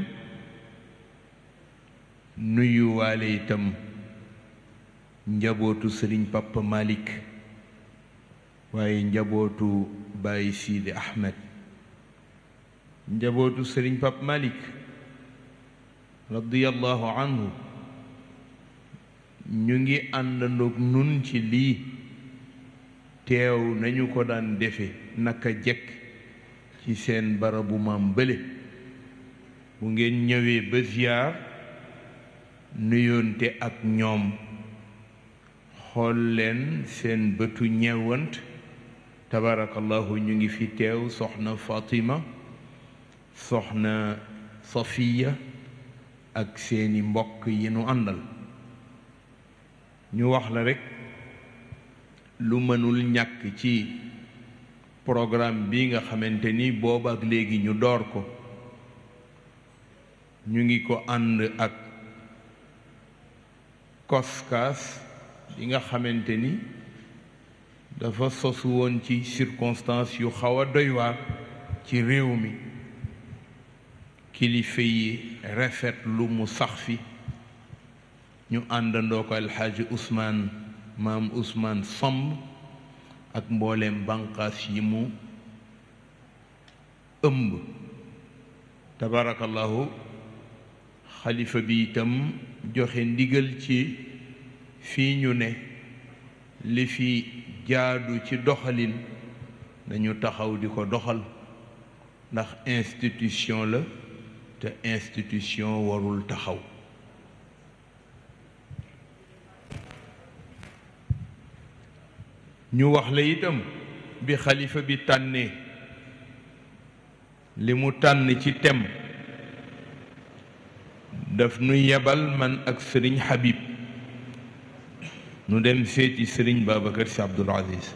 nuyu waale itam njabootu Serigne Papa Malick waaye njabootu Baye Sidi Ahmed njabootu Sëriñ Pap Malik radiyallahu anhu ñu ngi àndandoog nun ci lii teew nañu ko daan defe naka jekk ci seen barabu maam bële bu ngeen ñëwee ba ziyaar nuyoonte ak ñoom xool leen seen bëtu ñeewant tabarakallahu ñu ngi fi teew soxna Fatima soxna Safiya ak seeni mbokk yi nu àndal ñu wax la rekk lu mënul ñàkk ci programme bi nga xamante ni boobu ak léegi ñu door ko ñu ngi ko ànd ak koskaas yi nga xamante ni dafa sosu woon ci circonstance yu xaw a doy ci réew mi kilifa yi rafet lu mu sax fi ñu àndandoo ko alxaaji Ousmane maam Ousmane Samb ak mboolem bànqaas yi mu ëmb tabarakallahu xalifa bi itam joxe ndigal ci fii ñu ne li fi jaadu ci doxalin nañu taxaw di ko doxal ndax institution la te institution warul taxaw ñu wax la itam bi xalifa bi tànne li mu tànn ci tem daf nu yebal man ak sëriñ Habib nu dem seeti sëriñ Babacar Sy Abdoul Aziz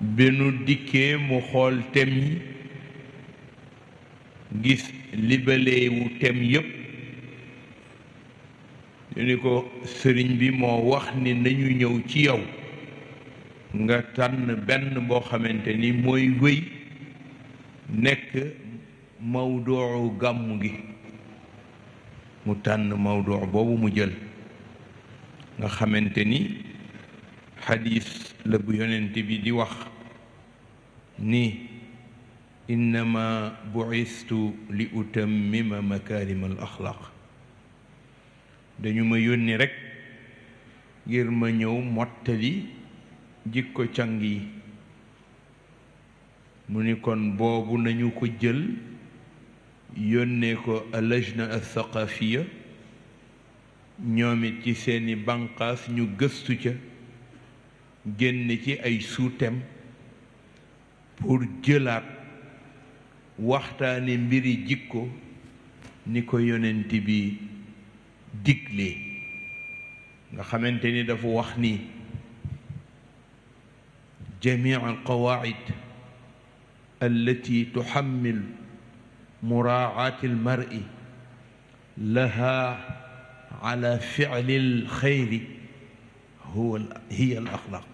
bi nu dikkee mu xool tem yi gis libaleewu tem yépp ñu ni ko sëriñ bi moo wax ni nañu ñëw ci yow nga tànn benn boo xamante ni mooy wéy nekk mawduu gàmmu gi mu tànn mawdu boobu mu jël nga xamante ni xadis la bu yonent bi di wax ni innama bu'istu li utammima makarim al axlaq dañu ma yónni rekk ngir ma ñëw mottali jikko cang yi mu ni kon boobu nañu ko jël yónnee ko lajna al thaqafiya ñoom it ci seeni banqaas ñu gëstu ca génn ci ay sous-thèmes pour jëlaat waxtaane mbiri jikko ni ko yonent bi digle nga xamante ni dafa wax ni jamii al qawaid allati tuhammil مراعاة المرء لها على فعل الخير هو هي الأخلاق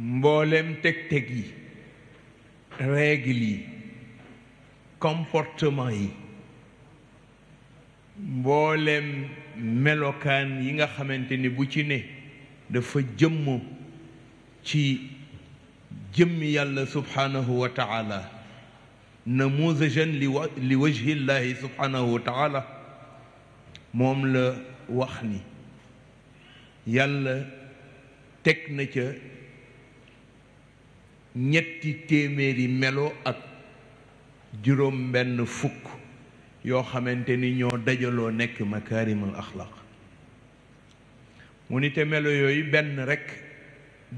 mboolem teg-teg yi règle yi comportement yi mboolem melokaan yi nga xamante ni bu ci ne dafa jëmm ci jëmmi yàlla subhanahu wa taala namuzajan li li wajhi subhanahu wa taala moom la wax ni yàlla teg na ca ñetti téeméeri melo ak juróom benn fukk yoo xamante ni ñoo dajaloo nekk makaarimul axlaq mu ni te melo yooyu benn rekk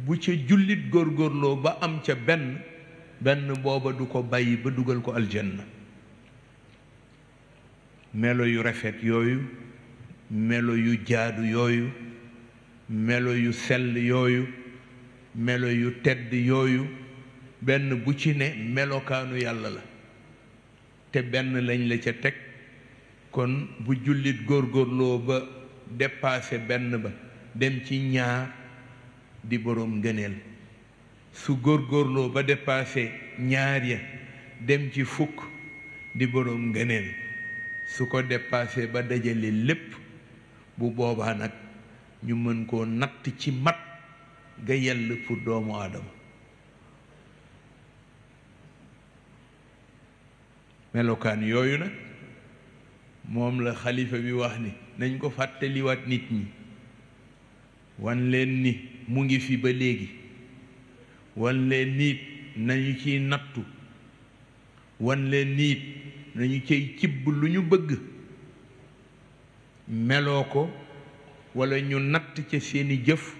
bu ca jullit góorgóorloo ba am ca benn benn booba du ko bàyyi ba dugal ko aljanna melo yu rafet yooyu melo yu jaadu yooyu melo yu sell yooyu melo yu tedd yooyu benn bu ci ne melokaanu yàlla la te benn lañ la ca teg kon bu jullit góorgóorloo ba dépassé benn ba dem ci ñaar di boroom ngëneel su góor góorloo ba dépassé ñaar ya dem ci fukk di boroom ngëneel su ko dépassé ba dajale lépp bu boobaan ak ñu mën koo natt ci mat ga yell pour doomu aadama melokaan yooyu nag moom la xalifa bi wax ni nañ ko fàttaliwaat nit ñi wan leen ni mu ngi fi ba léegi wan leen niit nañu ciy nattu wan leen niit nañu ciy cibb lu ñu bëgg meloo ko walla ñu natt ca seeni jëf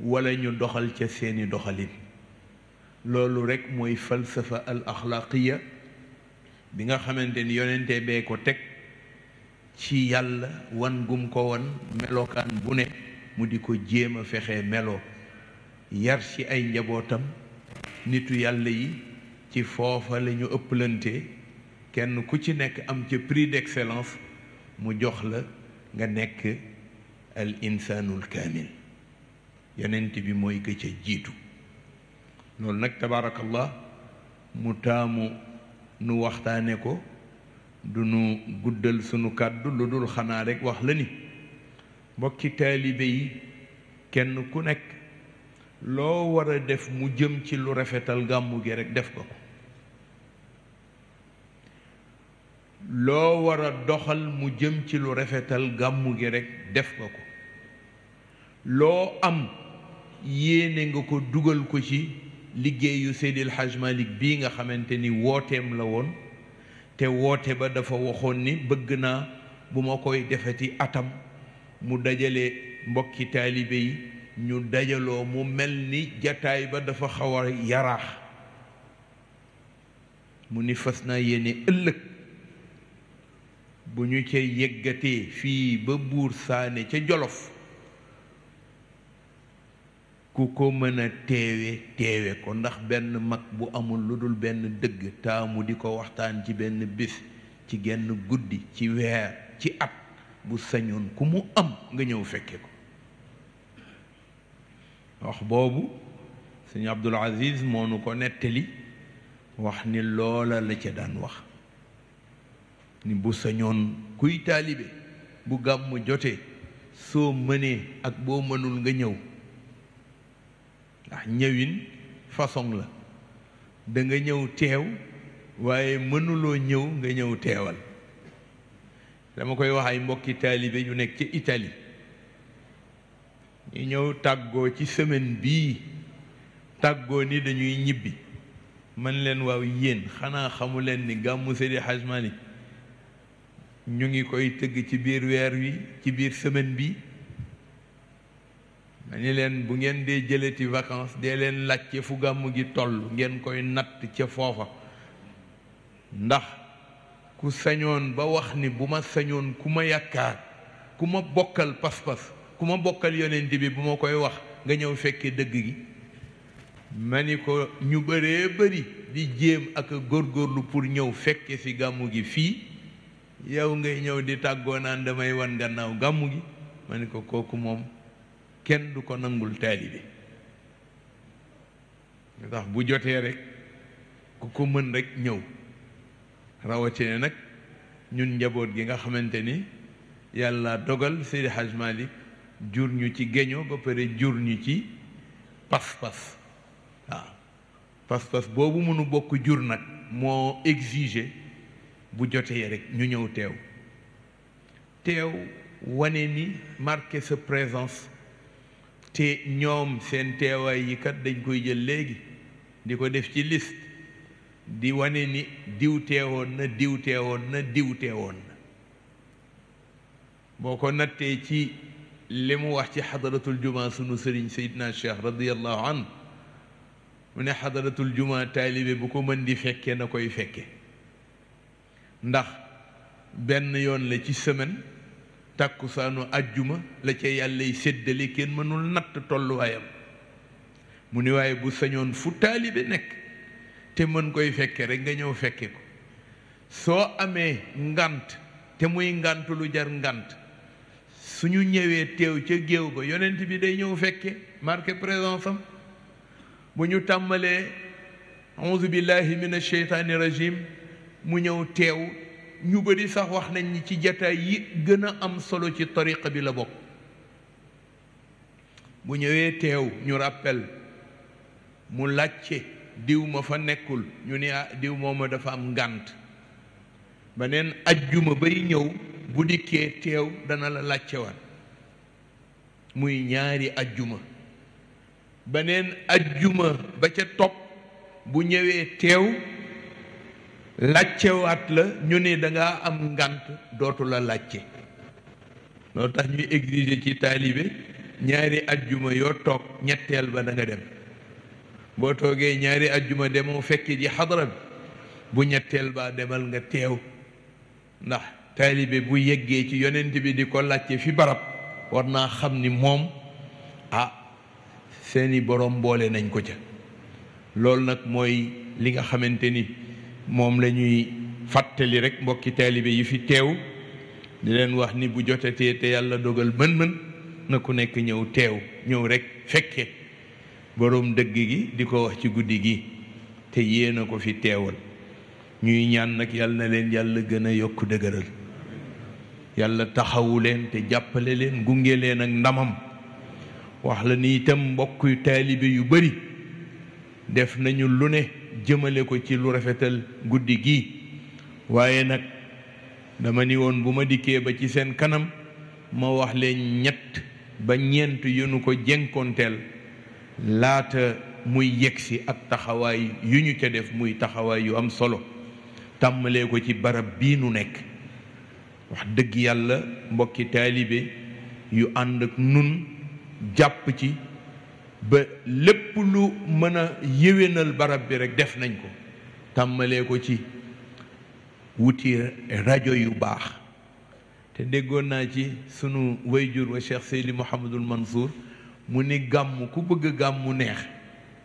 walla ñu doxal ca seeni doxalin loolu rekk mooy falsafa al axlaaqiya bi nga xamante ni yonente bee ko teg ci yàlla wan gum ko wan melokaan bu ne mu di ko jéem a fexe melo yar ci ay njabootam nitu yàlla yi ci foofa lañu ñu ëpplante kenn ku ci nekk am ca prix d'excellence mu jox la nga nekk al insaanul kaamil yenent bi mooy ka ca jiitu loolu nag tabaarakallah mu taamu nu waxtaane ko du nu guddal sunu kàddu lu dul xanaa rekk wax la ni mbokki taalibe yi kenn ku nekk loo war a def mu jëm ci lu rafetal gàmmu gi rekk def ko ko loo war doxal mu jëm ci lu rafetal gàmmu gi rekk def ko ko loo am yéene nga ko dugal ko ci liggéeyu Seydil Hadj bi nga xamante ni wooteem la woon te woote ba dafa waxoon ni bëgg naa bu ma koy defeti atam mu dajale mbokki taalibe yi ñu dajaloo mu mel ni jataay ba dafa xaw a yaraax mu ni fas naa yéene ëllëg bu ñu ca yëggatee fii ba buur saane ca jolof ku ko mëna teewe teewe ko ndax benn mag bu amul lu dul benn dëgg taamu di ko waxtaan ci benn bis ci genn guddi ci weer ci at bu sañoon ku mu am nga ñëw fekke ko wax boobu sëñ Abdul Aziz moo ko nettali wax ni loola la ca daan wax ni bu sañoon kuy taalibe bu gàmmu jotee soo mënee ak boo mënul nga ñëw ndax ñëwin façon la da nga ñëw teew waaye mënuloo ñëw nga ñëw teewal dama koy wax ay mbokki taalibe yu nekk ci itali ñu ñëw tàggoo ci semaine bii tàggoo ni dañuy ñibbi man leen waaw yéen xanaa xamu leen ni gàmmu Seydi Hadj ñu ngi koy tëgg ci biir weer wi ci biir semaine bi ma ni leen bu ngeen dee jëlati vacances dee leen laajte fu gàmmu gi toll ngeen koy natt ca foofa ndax ku sañoon ba wax ni buma ma kuma ku kuma bokkal pas-pas kuma bokkal yonent bi buma ma koy wax nga ñëw fekkee gi ko ñu bëree bëri di jéem ak góorgóorlu pour ñëw fekke si gàmmu gi fii yow ngay ñëw di taggo naan damay wan gannaaw gàmmu gi ko kooku moom kenn du ko nangul taalibe ndax bu jotee rek ku ko mën rek rawatina nak ñun njaboot gi nga xamante ni yàlla dogal Seydi Hadj Malick jur ñu ci geño ba pare jur ñu ci pas-pas waaw pas-pas boobu mënu bokk jur nag moo exiger bu jotee rek ñu ñëw teew teew wane ni marqué sa présence te ñoom seen teewaay yi kat dañ koy jël léegi di ko def ci liste di wane ni diwteewoon na diwteewoon na diwteewoon na boo ko nattee ci li mu wax ci xadaratul juma sunu sëriñ sayidna cheikh radiallahu an mu ne xadaratul juma taalibe bu ko mën di fekke na koy fekke ndax benn yoon la ci semaine tàkkusaanu ajjuma la ca yàllay séddale kenn mënul natt tolluwaayam mu ni waaye bu sañoon fu taalibe nekk te mën koy fekke rek nga ñëw fekke ko soo amee ngant te muy ngant lu jar ngant suñu ñëwee teew ca géew ba yonent bi day ñëw fekke marqué présence am bu ñu tàmbalee auzu billahi min asheytaani rajim mu ñëw teew ñu bëri sax wax nañ ni ci jataay yi gën a am solo ci tariqa bi la bokk bu ñëwee teew ñu ràppel mu làcce diw ma fa nekkul ñu ni ah diw mooma dafa am ngànt beneen ajjuma bay ñëw bu dikkee teew dana la làccewaat muy ñaari ajjuma beneen ajjuma ba ca topp bu ñëwee teew làccewaat la ñu ni danga am ngànt dootu la làcce loolu tax ñuy exiger ci taalibe ñaari ajjuma yoo toog ñetteel ba danga dem boo toogee ñaari ajjuma demoo fekki ji xadra bi bu ñetteel baa demal nga teew ndax taalibe bu yeggee ci yonent bi di ko laajte fi barab war naa xam ni moom ah seeni borom mboole nañ ko ca loolu nag mooy li nga xamante ni moom la ñuy fàttali rek mbokki taalibe yi fi teew di leen wax ni bu jotatee te yàlla dogal mën-mën na ku nekk ñëw teew ñëw rek fekke boroom dëgg gi di ko wax ci guddi gi te yéen a ko fi teewal ñuy ñaan nag yàlla na leen yàlla gën a yokk dëgëral yàlla taxawu leen te jàppale leen gunge leen ak ndamam wax la ni itam mbokk taalibe yu bari def nañu lu ne jëmale ko ci lu rafetal guddi gi waaye nag dama ni woon bu ma dikkee ba ci seen kanam ma wax leen ñett ba ñeent yu ko jenkonteel laata muy yegsi ak taxawaay yu ñu ca def muy taxawaay yu am solo tàmmalee ko ci barab bii nu nekk wax dëgg yàlla mbokki taalibe yu ànd ak nun jàpp ci ba lépp lu mën a yéwénal barab bi rek def nañ ko tàmmalee ko ci wuti rajo yu baax te déggoon naa ci sunu wayjur wa Cheikh Seydi Mouhamadul Mansour mu ni gàmm ku bëgg gàmmu neex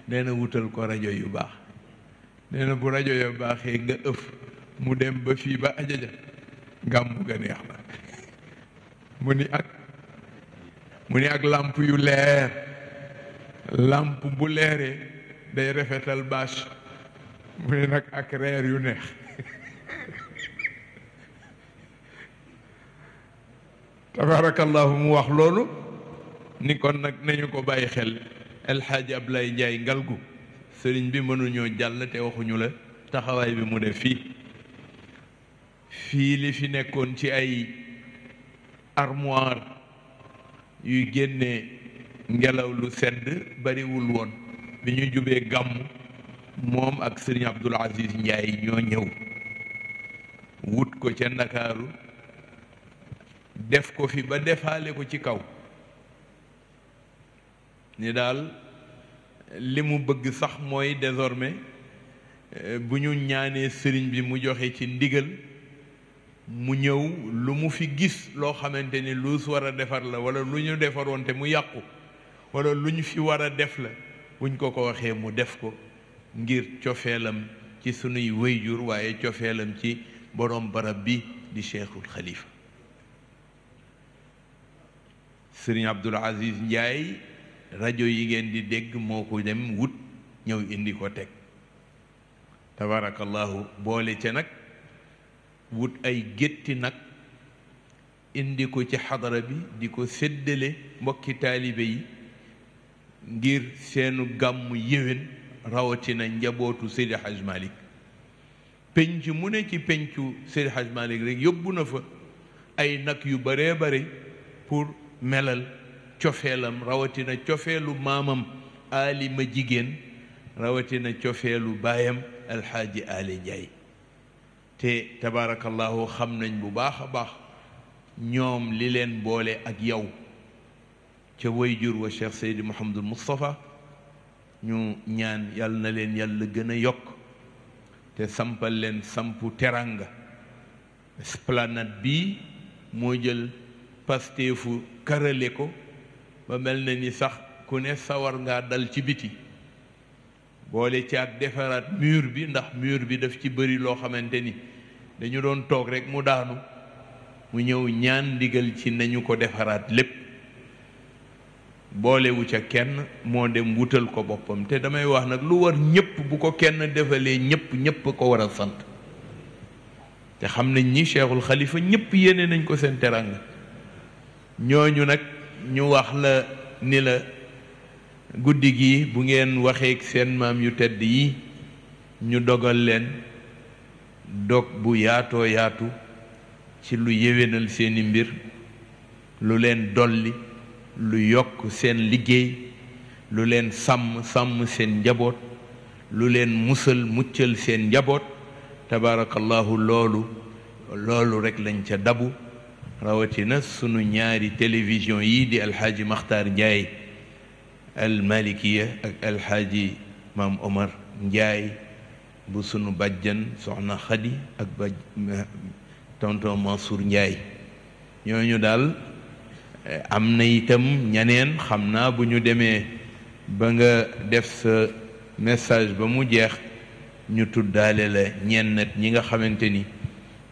nee wutal ko rajo yu baax nee bu rajo yu baaxee nga ëf mu dem ba fii ba ajaja gàmm ga neex la mu ni ak mu ni ak làmp yu leer làmp bu leeree day rafetal bâche mu ni nag ak reer yu neex tabarakallahu mu wax loolu ni kon nag nañu ko bàyyi xel El Hadj Ablaye Ndiaye ngalgu sëriñ bi mënuñoo jàll te waxuñu la taxawaay bi mu def fii fii li fi nekkoon ci ay armoire yuy génne ngelaw lu sedd bariwul woon bi ñu jubee gàmm moom ak sëriñ Abdul Aziz Ndiaye ñoo ñëw wut ko ca Ndakaaru def ko fi ba defaale ko ci kaw ni daal li mu bëgg sax mooy désormais euh, bu ñu ñaanee sëriñ bi mu joxe ci ndigal mu ñëw lu mu fi gis loo xamante ni lu su a defar la wala lu ñu defaroon te mu yàqu walla lu ñu fi war a def la buñ ko ko waxee mu def ko ngir cofeelam ci sunuy wéyjur waaye cofeelam ci borom barab bi di cheikhul xalifa sëriñ Abdul Aziz Njaay rajo yi ngeen di dégg moo ko dem wut ñëw indi ko teg tabarakallahu boole ca nag wut ay gétti nag indi ko ci xadara bi di ko séddale mbokki taalibe yi ngir seenu gàmm yéwén rawatina njabootu Seydi Haj Malick mu ne ci pencu Seydi Haj rek yóbbu na fa ay nag yu baree bare pour melal cofeelam rawatina cofeelu maamam aali ma jigéen rawatina cofeelu baayam alxaaji aali njaay te tabaarakallaahu xam nañ bu baax a baax ñoom li leen boole ak yow ca wayjur wa cheikh seydi mouhamadul moustapha ñu ñaan yàlla na leen yàlla gën a yokk te sampal leen sampu teranga esplanade bii moo jël pasteefu karale ko ba mel na ni sax ku ne sawar ngaa dal ci biti boole ci ak defaraat mur bi ndax mur bi daf ci bëri loo xamante ni dañu doon toog rek mu daanu mu ñëw ñaan ndigal ci nañu ko defaraat lépp boolewu ca kenn moo dem wutal ko boppam te damay wax nag lu war ñëpp bu ko kenn defalee ñëpp ñëpp ko war a sant te xam nañ ñi Cheikhul xalifa ñëpp yéene nañ ko seen terang ñooñu nag ñu wax la ni la guddi gi bu ngeen waxee seen maam yu tedd yi ñu dogal leen dog bu yaatoo yaatu ci lu yéwénal seeni mbir lu leen dolli lu yokk seen liggéey lu leen sàmm sàmm seen njaboot lu leen musal muccal seen njaboot tabaarakallahu loolu loolu rekk lañ ca dabu رواتنا سنو نياري تلفزيون يدي الحاج مختار جاي المالكية الحاج مام عمر جاي بسنو بجن سعنا خدي اك بج تونتو منصور جاي يونيو دال امنا يتم نيانين خمنا بنيو دمي بنغ دف مساج بمو جيخ نيو تدالي لنيانت نيغا خمنتني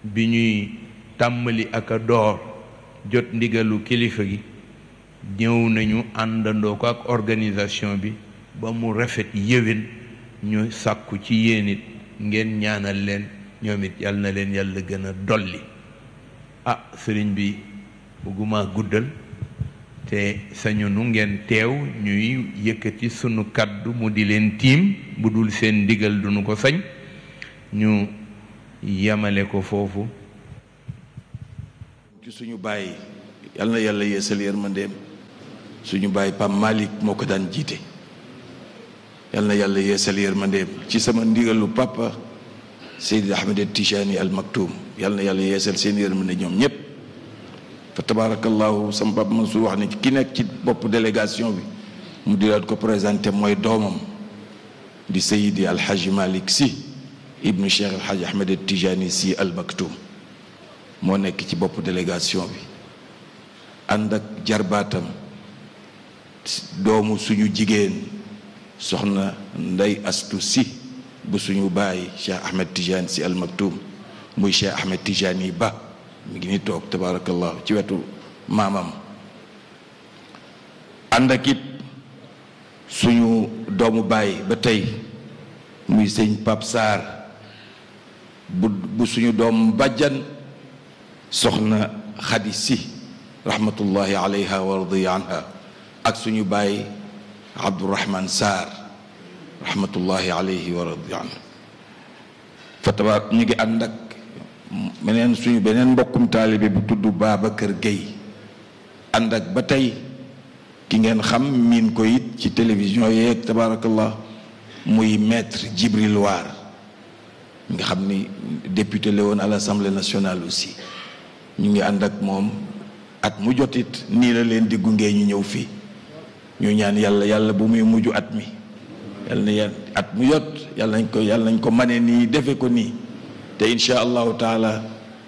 بنيو tàmbali ak a door jot ndigalu kilifa gi ñëw nañu àndandoo ko ak organisation bi ba mu rafet yéwén ñu sàkku ci yéen it ngeen ñaanal leen ñoom it yal na leen yàlla gën a dolli ah sëriñ bi bëgguma guddal te sañu nu ngeen teew ñuy yëkkati sunu kàddu mu di leen tiim bu dul seen ndigal duñu ko sañ ñu yemale ko foofu ci suñu bàyyi yal na yàlla yeesal yërmandeem suñu bàyyi Pape moo ko daan jiite yal na yàlla yeesal yërmandeem ci sama ndigalu papa Seydi Ahmed Tijani al Maktoum yal na yàlla yeesal seen yërmande ñoom ñëpp fa tabarakallahu sama papa su wax ne ki nekk ci bopp délégation bi mu di ko présenté mooy doomam di Seydi Alhaji Malick Sy ibnu Cheikh Alhaji Ahmed Tijani Sy al Maktoum moo nekk ci bopp délégation bi ànd ak jarbaatam doomu suñu jigéen soxna Ndey Astu Si bu suñu bàyyi Cheikh Ahmed Tidiane si Al Maktoum muy Cheikh Ahmed Tidiane yi ba mu ngi ni toog tabaarakallah ci wetu maamam ànd ak it suñu doomu bàyyi ba tey muy sëñ Pape Sarr bu suñu doomu bàjjan soxna xadi si rahmatullahi alayha wa radiya anha ak suñu baay abdourahman sarr rahmatullahi alayhi wa radiya anha fa tabaar ñu ngi ànd ak beneen suñu beneen mbokkum taalibe bu tudd Babacar Gueye ànd ak ba tey ki ngeen xam miin ko it ci télévision yeeg tabaarakallah muy maître Djibril War nga xam ni député la woon à l'Assemblée nationale aussi ñu ngi ànd ak moom at mu jotit nii la leen di gungee ñu ñëw fii ñu ñaan yàlla yàlla bu muy mujj at mi yàlla na at mu jot yàlla nañ ko yàlla nañ ko mane nii defe ko nii te incha allahu taala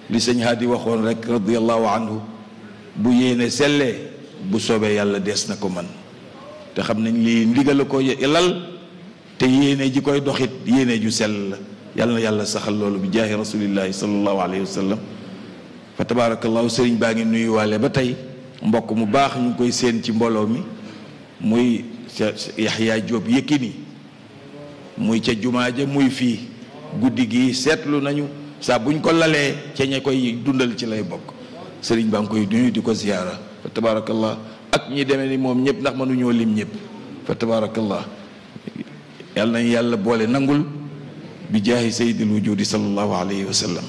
li sëñ Hadi waxoon rek radiallahu anhu bu yéene sellee bu soobee yàlla des na ko man te xam nañ lii ndigal la ko lal te yéene ji koy doxit yéene ju sell la yàlla na yàlla saxal loolu bi jaahi rasulillahi sallallahu alayhi wa fa tabaarakallaahu sëriñ baa ngi nuyuwaale ba tey mbokk mu baax ñu koy séen ci mbooloo mi muy ca Yaxya Jóob Yékini muy ca jumaa ja muy fii guddi gi seetlu nañu saa buñ ko lalee ca ña koy dundal ci lay bokk sëriñ baa ngi koy nuyu di ko ziyaara fa tabaarakallah ak ñi demee ni moom ñëpp ndax mënuñoo lim ñëpp fa tabaarakallah yàlla yàlla boole nangul bi jaahi sayyidil wujudi sallallahu alayhi wa sallam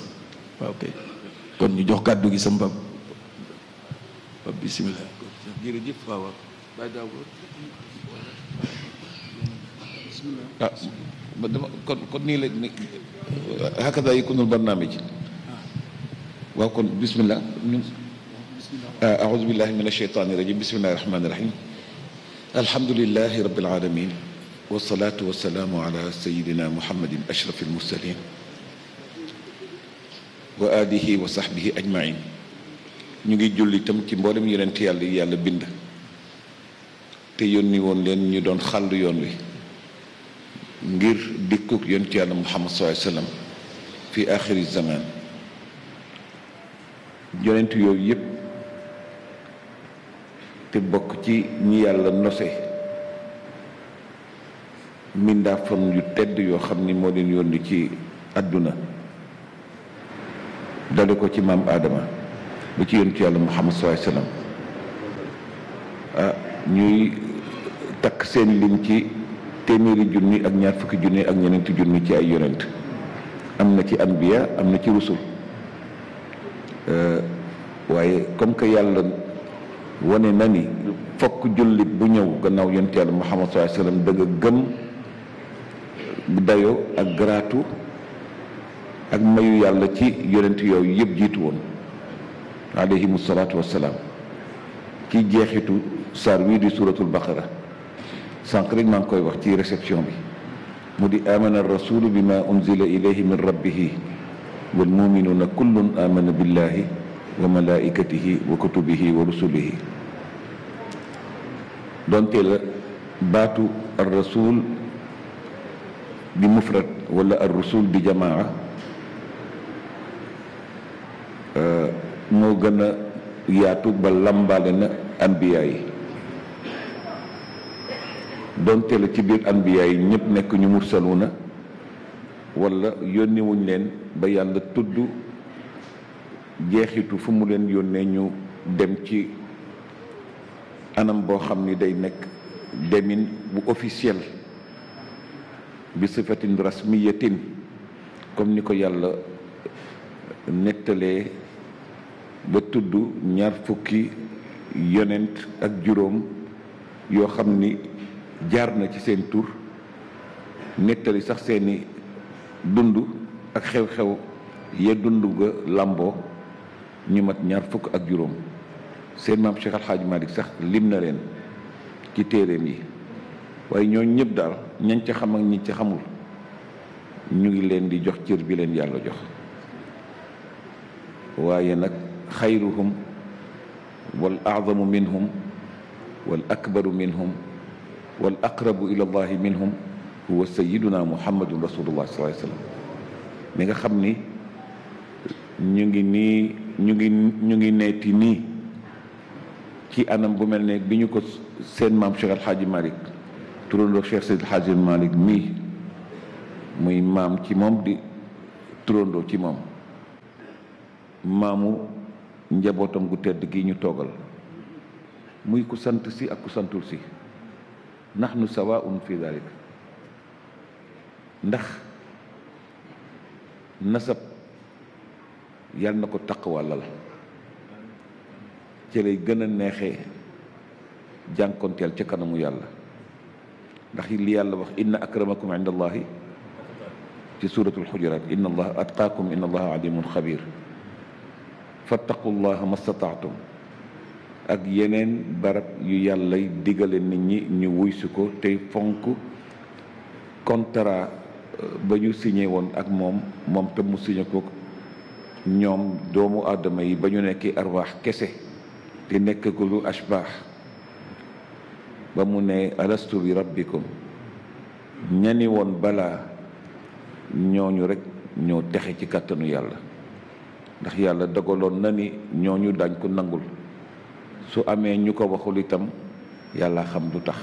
kon ñu jox gaddu gi sama pap pap bisimilah jërëjëf waaw bàyyi daaw ah dama kon kon ni la هكذا يكون البرنامج وكن بسم الله أعوذ بالله من الشيطان الرجيم بسم الله الرحمن الرحيم الحمد لله رب العالمين والصلاة والسلام على سيدنا محمد أشرف المرسلين wa aalihi wa sahbihi ajmain ñu ngi julli itam ci mboolem yonent yàlla yi yàlla bind te yónni woon leen ñu doon xàll yoon wi ngir dikkuk yonent yàlla muhammad sallallahu alayhi wasallam fi axiri zaman yonent yooyu yépp te bokk ci ñi yàlla nose mbindaafam yu tedd yoo xam ni moo leen yónni ci àdduna dale ko ci maam aadama ba ci yonentu yàlla Muhammad sallallahu alayhi ah ñuy takk seen lim ci téeméeri junni ak ñaar fukki junni ak ñeneenti junni ci ay yonent am na ci anbiya am na ci rusul ah, waaye comme que yàlla wane na ni fokk jullit bu ñëw gannaaw yonent yàlla Muhammad sallallahu alayhi wasallam dëgg gëm dayoo ak garaatu ak mayu yàlla ci yonent yooyu yëpp jiitu woon alayhimu salaatu wassalaam ci jeexitu saar wii di suuratul baqara sànq rek maa ngi koy wax ci réception bi mu di amana arrasulu bima unzila ilayhi min rabbihi walmuminuuna kullun amana billahi wa malaikatihi wa kutubihi wa rusulihi donte la baatu ar rasul di mufrad wala ar rasul di jamaa Euh, moo gën a yaatu ba lambaale na anbiya yi donte la ci biir anbiya yi ñëpp nekk ñu mursaluuna wala yónni wuñ leen ba yàlla tudd jeexitu fu mu leen yónnee ñu dem ci anam boo xam ni day nekk demin bu officiel bi sifatin rasmiyatin comme ni ko yàlla nettalee ba tudd ñaar fukki yonent ak juróom yoo xam ni jaar na ci seen tur nettali sax seeni dund ak xew-xew ya dund ga làmboo ñu mat ñaar fukk ak juróom seen maam cheikh alxaaj malik sax lim na leen ci téeréem yi waaye ñoo ñëpp daal ñañ ca xam ak ñi ca xamul ñu ngi leen di jox cër bi leen yàlla jox waaye nag خيرهم والأعظم منهم والأكبر منهم والأقرب إلى الله منهم هو سيدنا محمد رسول الله صلى الله عليه وسلم ميغا خامني نيغي ني نيغي نيغي نيتي ني كي انام بو ملني بي نيو كو سين مام شيخ الحاج مالك تورون دو شيخ سيد الحاج مالك مي موي مام كي موم دي تورون دو كي موم مامو njabootam gu tedd gi ñu toogal muy ku sant si ak ku santul si nahnu sawaun fi dalik ndax nasab yal na ko taqwalal ci lay gën a neexee jànkonteel ca kanamu yàlla ndax li yàlla wax inna akramakum inda allahi ci suratul xujuraat inna allah atqaakum inna allaha alimun xabir fattaqullaha mastataatum ak yeneen barab yu yàlla digale nit ñi ñu wuysu ko tey fonk contrat euh, ba ñu signé woon ak moom moom te mu ko ñoom doomu aadama yi ba ñu nekkee arwaax kese di nekk ko lu ashbaax ba mu ne alastu bi rabbikum ñani woon balaa ñooñu rekk ñoo texe ci kàttanu yàlla ndax yàlla dogaloon na ni ñooñu dañ ko nangul su amee ñu ko waxul itam yàlla xam du tax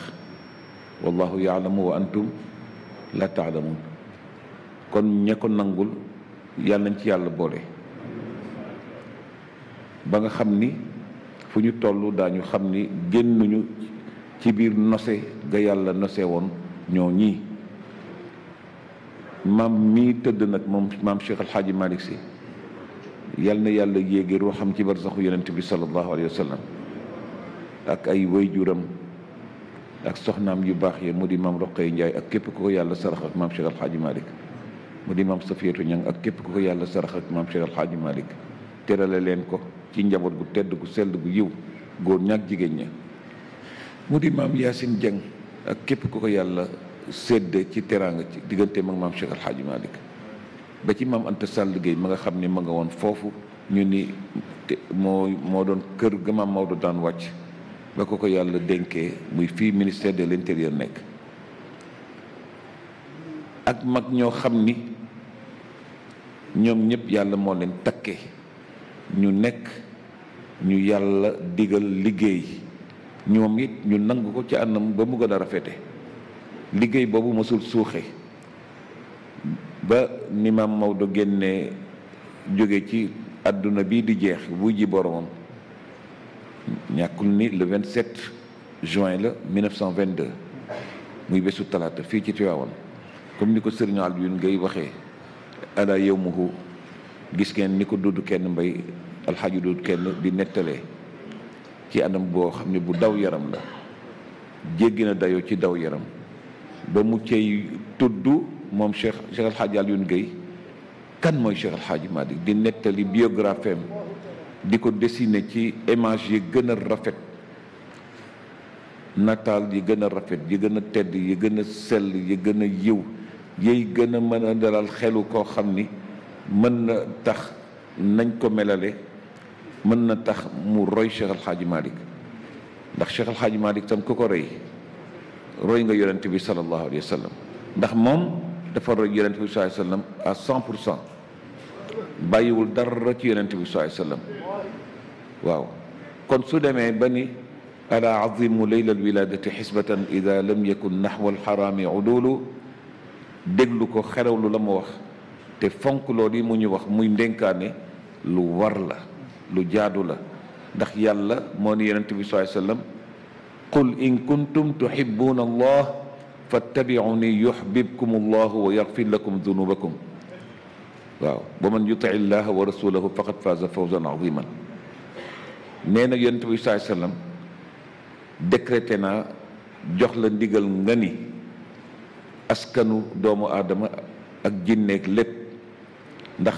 wallahu yaalamu wa antum la taalamun kon ña ko nangul yàlla nañ ci yàlla boole ba nga xam ni fu ñu toll daañu xam ni génnuñu ci biir nose ga yàlla nose woon ñoo ñii maam mii tëdd nag moom maam Cheikh Alxaaji Malick Si yal na yàlla yéegi ruuxam ci barsaxu yonent bi sallallahu alayhi wa sallam ak ay wayjuram ak soxnaam yu baax yi mu di maam Roqay Njaay ak képp ku ko yàlla sarax ak maam Cheikh Al Hadji mu di maam Safiyatu Ñang ak képp ku ko yàlla sarax ak maam Cheikh Al Hadji leen ko ci njaboot gu tedd gu sell gu yiw góor ñaak jigéen ña mu di maam Yaasin Jeng ak képp ku ko yàlla sédd ci teraanga ci digganteem ak maam Cheikh Al ba ci maam Anta Sall liggéey ma nga xam ni ma nga woon foofu ñu ni moo moo doon kër ga maam Maodo daan wàcc la ko ko yàlla dénkee muy fii ministère de l'intérieur nekk ak mag ñoo xam ni ñoom ñëpp yàlla moo leen takke ñu nekk ñu yàlla digal liggéey ñoom it ñu nangu ko ci anam ba mu gën a rafete liggéey boobu mësul suuxe ba ni maam Maodo génnee jóge ci àdduna bii di jeex bu ji boromam ñàkkul ni le 27 juin la 1922 muy bésu talaata fii ci Tivaouane comme ni ko sëriñ Alioune Guèye waxee ala yawmuhu gis ngeen ni ko dudd kenn mbay alxaaju dudd kenn di nettalee ci anam boo xam ne bu daw yaram la jéggi na dayoo ci daw yaram ba mu cay tudd mom Cheikh Cheikh El Hadj Alioune gay kan moy Cheikh El Hadj Malick di netali biographie diko dessiner ci image yi gëna rafet natal yi gëna rafet yi gëna tedd yi gëna sel yi gëna a yiw yiy gën a dalal xelu ko xamni ni mën tax nañ ko melale mën na tax mu roy Cheikh El Hadj Malick ndax Cheikh El Hadj Malick tam ko ko roy roy nga yonent bi sallallahu alayhi wasallam ndax mom dafa roy yonent bi saai sallam à cent pour cent bàyyiwul dara ci yonent bi saai sallam waaw kon su demee ba ni alaa azimu leyla alwiladati xisbatan ida lam yakun naxwa alxaraami udulu déglu ko xerewlu la mu wax te fonk loolu yi mu ñu wax muy ndénkaane lu war la lu jaadu la ndax yàlla moo ni yonent bi saai sallam qul in kuntum tuhibbuna allah فاتبعوني يحببكم الله ويغفر لكم ذنوبكم ومن يطع الله ورسوله فقد فاز فوزا عظيما nee na yonent bi saai sallam décrété naa jox la ndigal nga ni askanu doomu aadama ak jinneeg lépp ndax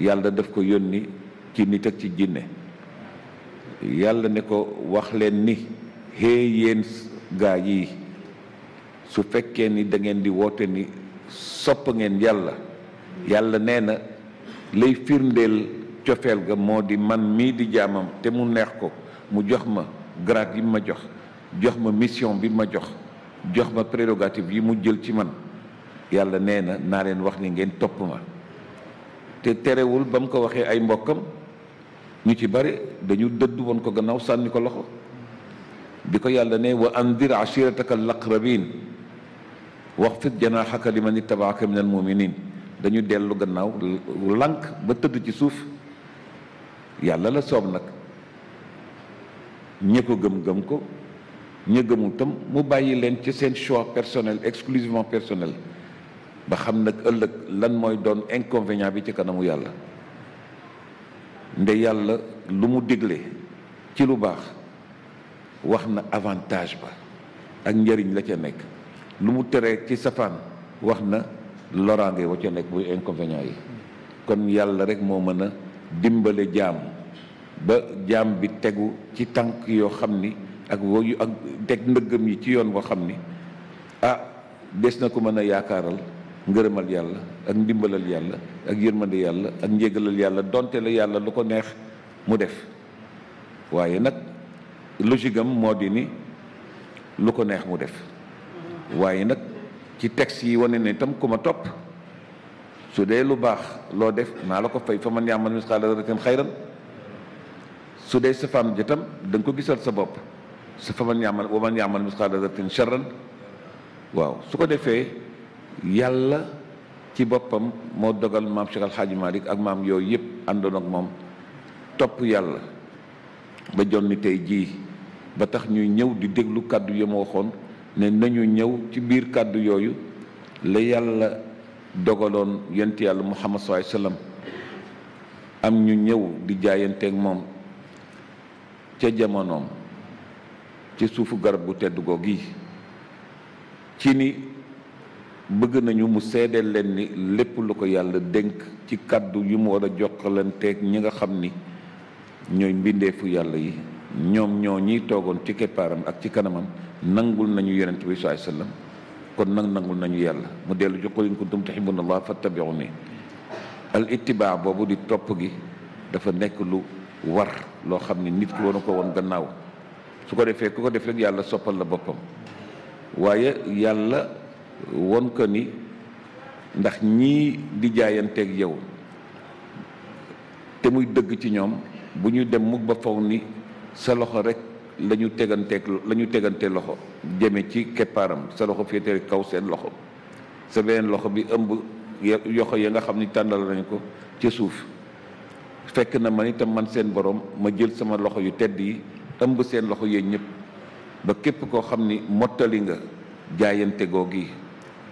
yàlla daf ko yónni ci nit ak ci jinne yàlla ne ko wax leen ni xée yéen gaa yi su fekkee ni dangeen di woote ni sopp ngeen yàlla yàlla nee na lay firndeel cofeel ga moo di man mii di jaamam te mu neex ko mu jox ma grade yi ma jox jox ma mission bi ma jox jox ma prérogative yi mu jël ci man yàlla nee na naa leen wax ni ngeen topp ma te terewul ba mu ko waxee ay mbokkam ñu ci bari dañu dëdd woon ko gannaaw sànni ko loxo bi ko yàlla ne wa andir ashirataka al aqrabin wax waxfid janaaxaka liman ittabaaka min almuminin dañu dellu gannaaw lànk ba tëdd ci suuf yàlla la soob nag ñi gëm-gëm ko ñi gëmul tam mu bàyyi leen ci seen choix personnel exclusivement personnel ba xam nag ëllëg lan mooy doon inconvénient bi ci kanamu yàlla nde yàlla lu mu digle ci lu baax wax na avantage ba ak njëriñ la ca nekk lu mu tere ci safaan wax na loraange wa ca nekk muy inconvénient yi kon yàlla rek moo mën a dimbale jaam ba jaam bi tegu ci tànk yoo xam ni ak woyu ak teg ndëggam yi ci yoon boo xam ni ah des na ko mën a yaakaaral ngërëmal yàlla ak ndimbalal yàlla ak yërmande yàlla ak njégalal yàlla donte la yàlla lu ko neex mu def waaye nag logikam moo di ni lu ko neex mu def waaye nag ci texte yi wane ne itam ku ma topp su dee lu baax loo def naa la ko fay fa man yaamal misqaala daratin xayran su dee sa faan jotam da ko gisal sa bopp sa fa man yaamal wa man yaamal misqaala daratin charran waaw su ko defee yàlla ci boppam moo dogal maam Cheikh Al Hadj ak maam yooyu yëpp àndoon ak moom topp yàlla ba jonni tey jii ba tax ñuy ñëw di déglu kàddu yi ma waxoon ne nañu ñëw ci biir kàddu yooyu la yàlla dogaloon yent yàlla muhammad sallallahu alayhi am ñu ñëw di jaayanteeg moom ca jamonoom ci suufu garab gu tedd goo gi ci ni bëgg nañu mu seedeel leen ni lépp lu ko yàlla dénk ci kàddu yu mu war a jokkalanteeg ñi nga xam ni ñooy mbindeefu yàlla yi ñoom ñoo ñiy toogoon ci keppaaram ak ci kanamam nangul nañu yonent bi saai sallam kon nag nangul nañu yàlla mu dellu jox ko in kuntum tuhibbuna allah fattabi'uni al ittibaa boobu di topp gi dafa nekk lu war loo xam ni nit ki waru ko woon gannaaw su ko defee ku ko def rek yàlla soppal la boppam waaye yàlla won ko ni ndax ñii di jaayanteeg yow te muy dëgg ci ñoom bu ñu dem mukk ba faw ni sa loxo rek la ñu teganteeg la ñu tegante loxo jëme ci keppaaram sa loxo féete kaw seen loxo sa loxo bi ëmb yoxo ya nga xam ni tàndal nañu ko ca suuf fekk na man itam man seen borom ma jël sama loxo yu tedd yi ëmb seen loxo yéen ñëpp ba képp koo xam ni mottali nga jaayante googi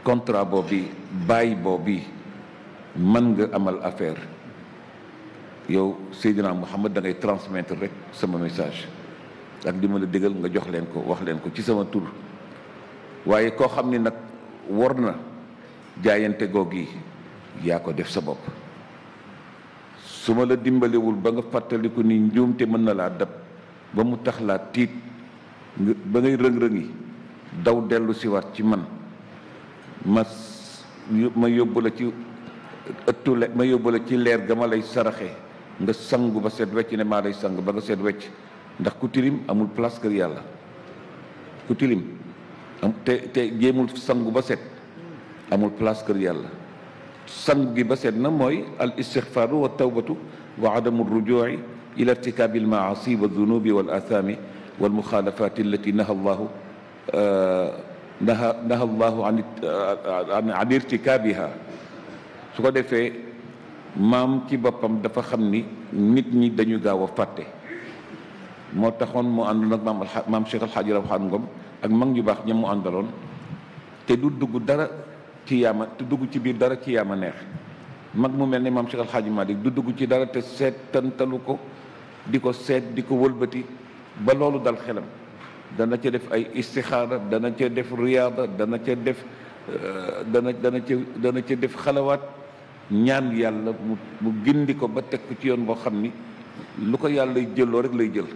contrat boobu bàyyi boobu man nga amal affaire yow Seydina Muhammad da ngay transmettre rek sama message ak di ma la digal nga jox leen ko wax leen ko ci sama tur waaye koo xam ni nag war na jaayante googi yaa ko def sa bopp su ma la dimbalewul ba nga fàttaliku ni njuumte mën na laa dab ba mu tax laa tiit ba ngay rëng-rëngi daw dellu ci man ma ma yóbbu la ci ëttu ma yóbbu la ci leer lay nga sangu ba wecc ne maa lay sang ba nga wecc ndax ku tilim amul place kër yàlla ku tilim am te te jéemul sangu ba set amul place kër yàlla sangu gi ba set na mooy al istixfaaru wa tawbatu wa adamu rujui ila al maasi wa dunubi wal athami wal muxaalafaati allati naha allah naha naha allahu an an irtikaabiha su ko defee maam ci boppam dafa xam ni nit ñi dañu gaaw a fàtte moo taxoon moo àndoon ak maam maam Cheikh Al Hadj Rawane Ngom ak mag ñu baax ñam mu àndaloon te du dugg dara ci yaama te dugg ci biir dara ci yaama neex mag mu mel ni maam Cheikh Al Hadj du dugg ci dara te seetantalu ko di ko seet di ko wëlbati ba loolu dal xelam dana ca def ay istixaara dana ca def riyaada dana ca def euh, dana dana ca dana ca def xalawaat ñaan yàlla mu gindi ko ba teg ci yoon boo xam ni lu ko yàlla lay jëloo rek lay jël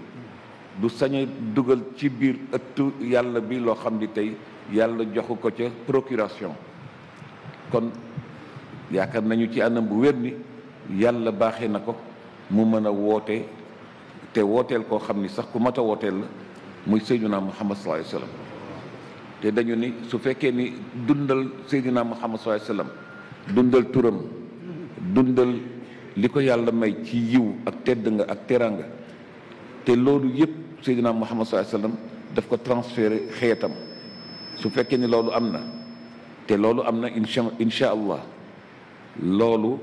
du sañ dugal ci biir ëttu yàlla bi loo xam ni tey yàlla joxu ko ca procuration kon yaakaar nañu ci anam bu wér ni yàlla baaxe na ko mu mën a woote te wooteel koo xam ni sax ku mat a wooteel la muy Seydina Muhammad sallallahu alayhi wasallam te dañu ni su fekkee ni dundal Seydina Muhammad sallallahu alayhi wasallam dundal turam dundal li ko yàlla may ci yiw ak tedd nga ak teraanga te loolu yépp Seydina Muhammad sallallahu daf ko transféré xeetam su fekkee ni loolu am na te loolu am na incha incha allah loolu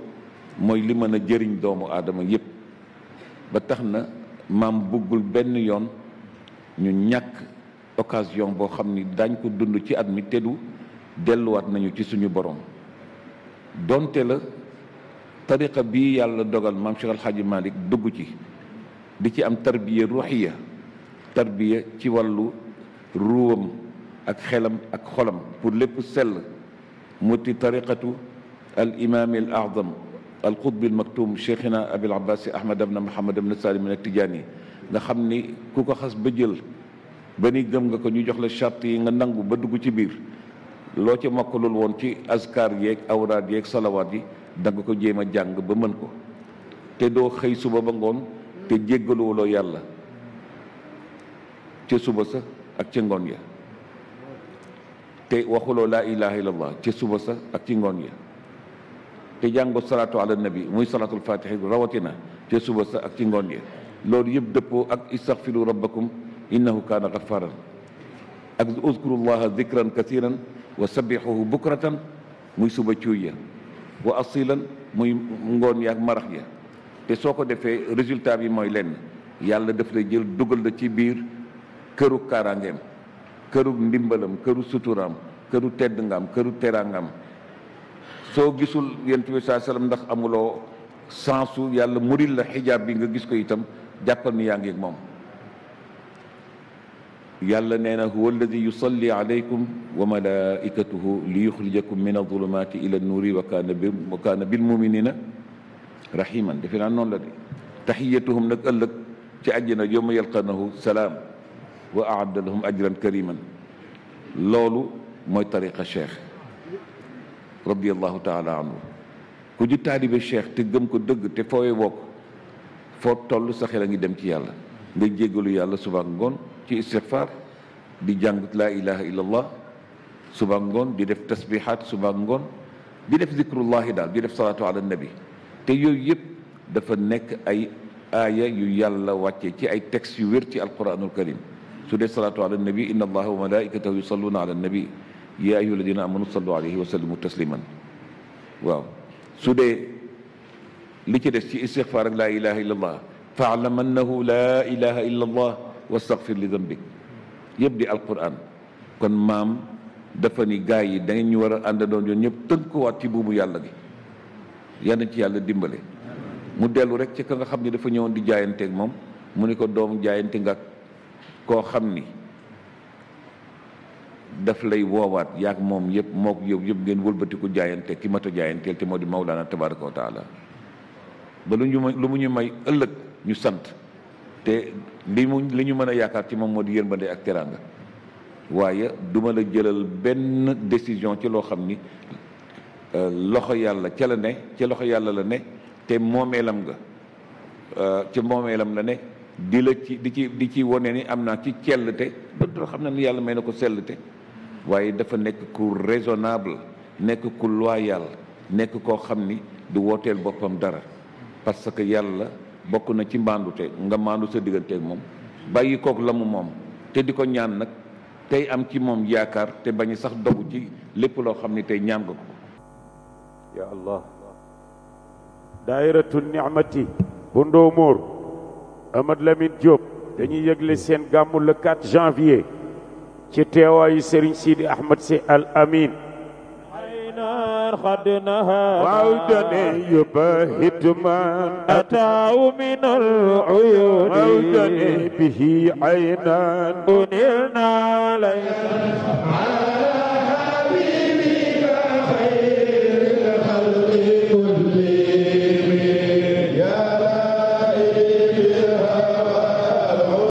mooy li mën a jëriñ doomu aadama yépp ba tax na maam bëggul benn yoon ñu ñàkk occasion boo xam ni daañ ko dund ci at mi teddu delluwaat nañu ci suñu borom donte la tariqa bii yàlla dogal maam Cheikh Al Hadji Malick dugg ci di ci am tarbiya ruhiya tarbiya ci wàllu ruwam ak xelam ak xolam pour lépp sell mu ti tariqatu al imaami al azam al qutbi al maktum cheikhina abil abbasi ahmad abna muhammad abna salim al tijaani nga xam ni ku ko xas ba jël ba ni gëm nga ko ñu jox la charte yi nga nangu ba dugg ci biir loo ci mokkalul woon ci askar yeeg awraat yeeg salawaat yi da nga ko jéem a jàng ba mën ko te doo xëy suba ba ngoon te jéggaluwuloo yàlla ca suba sa ak ca ngoon ya te waxuloo la ilaha illallah ca suba sa ak ci ngoon ya te jàngoo salaatu ala nabi muy salaatul fatihi rawatina ca suba sa ak ci ngoon ya loolu yëpp dëppoo ak istaghfiru rabbakum innahu kaana ghafaran ak uzkurullaha dhikran kathiran wa sabbihuhu bukratan muy suba cuuy ya wa asilan muy ngoon ya ak marax ya te soo defee résultat bi mooy lenn yàlla daf lay jël dugal la ci biir këru kaaraangeem këru ndimbalam këru suturaam këru tedd ngaam këru teraangaam soo gisul yent bi saa sallam ndax amuloo sensu yàlla muril la xijaab bi nga gis ko itam jàppal ni yaa ngi ak moom yàlla nee na huwa alladi yusalli alaykum wa malaikatuhu li yuxrijakum min adulumati ila nuuri wa kaana bi wa kaana bil muminina rahiman defe naa noonu la de taxiyatuhum nag ëllëg ci àjjana yowma yalqanahu salaam واعد لهم اجرا كريما لولو موي طريقه شيخ رضي الله تعالى عنه كوجي طالب الشيخ تي گم كو دغ تي فوي ووك فو تولو سخي لاغي ديم تي يالا نغي جيغلو يالا سبحان غون تي استغفار دي جانغ لا اله الا الله سبحان غون دي ديف تسبيحات سبحان غون دي ديف ذكر الله دال دي ديف صلاه على النبي تي يوي ييب دا فا نيك اي آية يو يالا واتي تي اي تكست يو القران الكريم سورة الصلاة على النبي إن الله وملائكته يصلون على النبي يا أيها الذين آمنوا صلوا عليه وسلموا تسليما waaw su dee li ci des ci istixfaar ak laa ilaha illa allah faalam annahu laa ilaha illa allah wastaxfir li dambik yëpp di alquran kon maam dafa ni gaa yi da ngeen ñu war a ànda doon yoon ñëpp tënkuwaat ci buumu yàlla gi yal nañ ci yàlla dimbale mu dellu rek ci ka nga xam ne dafa ñëwoon di jaayanteeg moom mu ne ko doom jaayante nga ak koo xam ni daf lay woowaat yaag moom yëpp mook yow yëpp ngeen wëlbatiku jaayante ki mat a jaayanteel te moo di Mawlaana tabaraka wa taala ba lu ñu lu mu ñu may ëllëg ñu sant te li mu li ñu mën a yaakaar ci moom moo di yërmande ak teraanga waaye duma la jëlal benn décision ci loo xam ni euh, loxo yàlla ca la ne ca loxo yàlla la ne te moomeelam nga euh, ca moomeelam la ne di la ci di ci di ci wane ni am naa ci cellte dootoo xam na ni yàlla may na ko sellte waaye dafa nekk ku raisonnable nekk ku loyal nekk koo xam ni du wooteel boppam dara parce que yàlla bokk na ci mbaandute nga maandu sa digganteeg moom bàyyi kook la mu moom te di ko ñaan nag tey am ci moom yaakaar te bañ sax dogu ci lépp loo xam ni tey ñaan nga ko ya allah daayiratu nicmati bu ndóomóor Amad Lamine Diop dañuy yëgle seen gàmmu le 4 janvier ci teewaayu Serigne Sidi Ahmed Sy Al Amin waaw dane yubahit man ataaw min al uyuuni waaw dane bihi aynan unil naa lay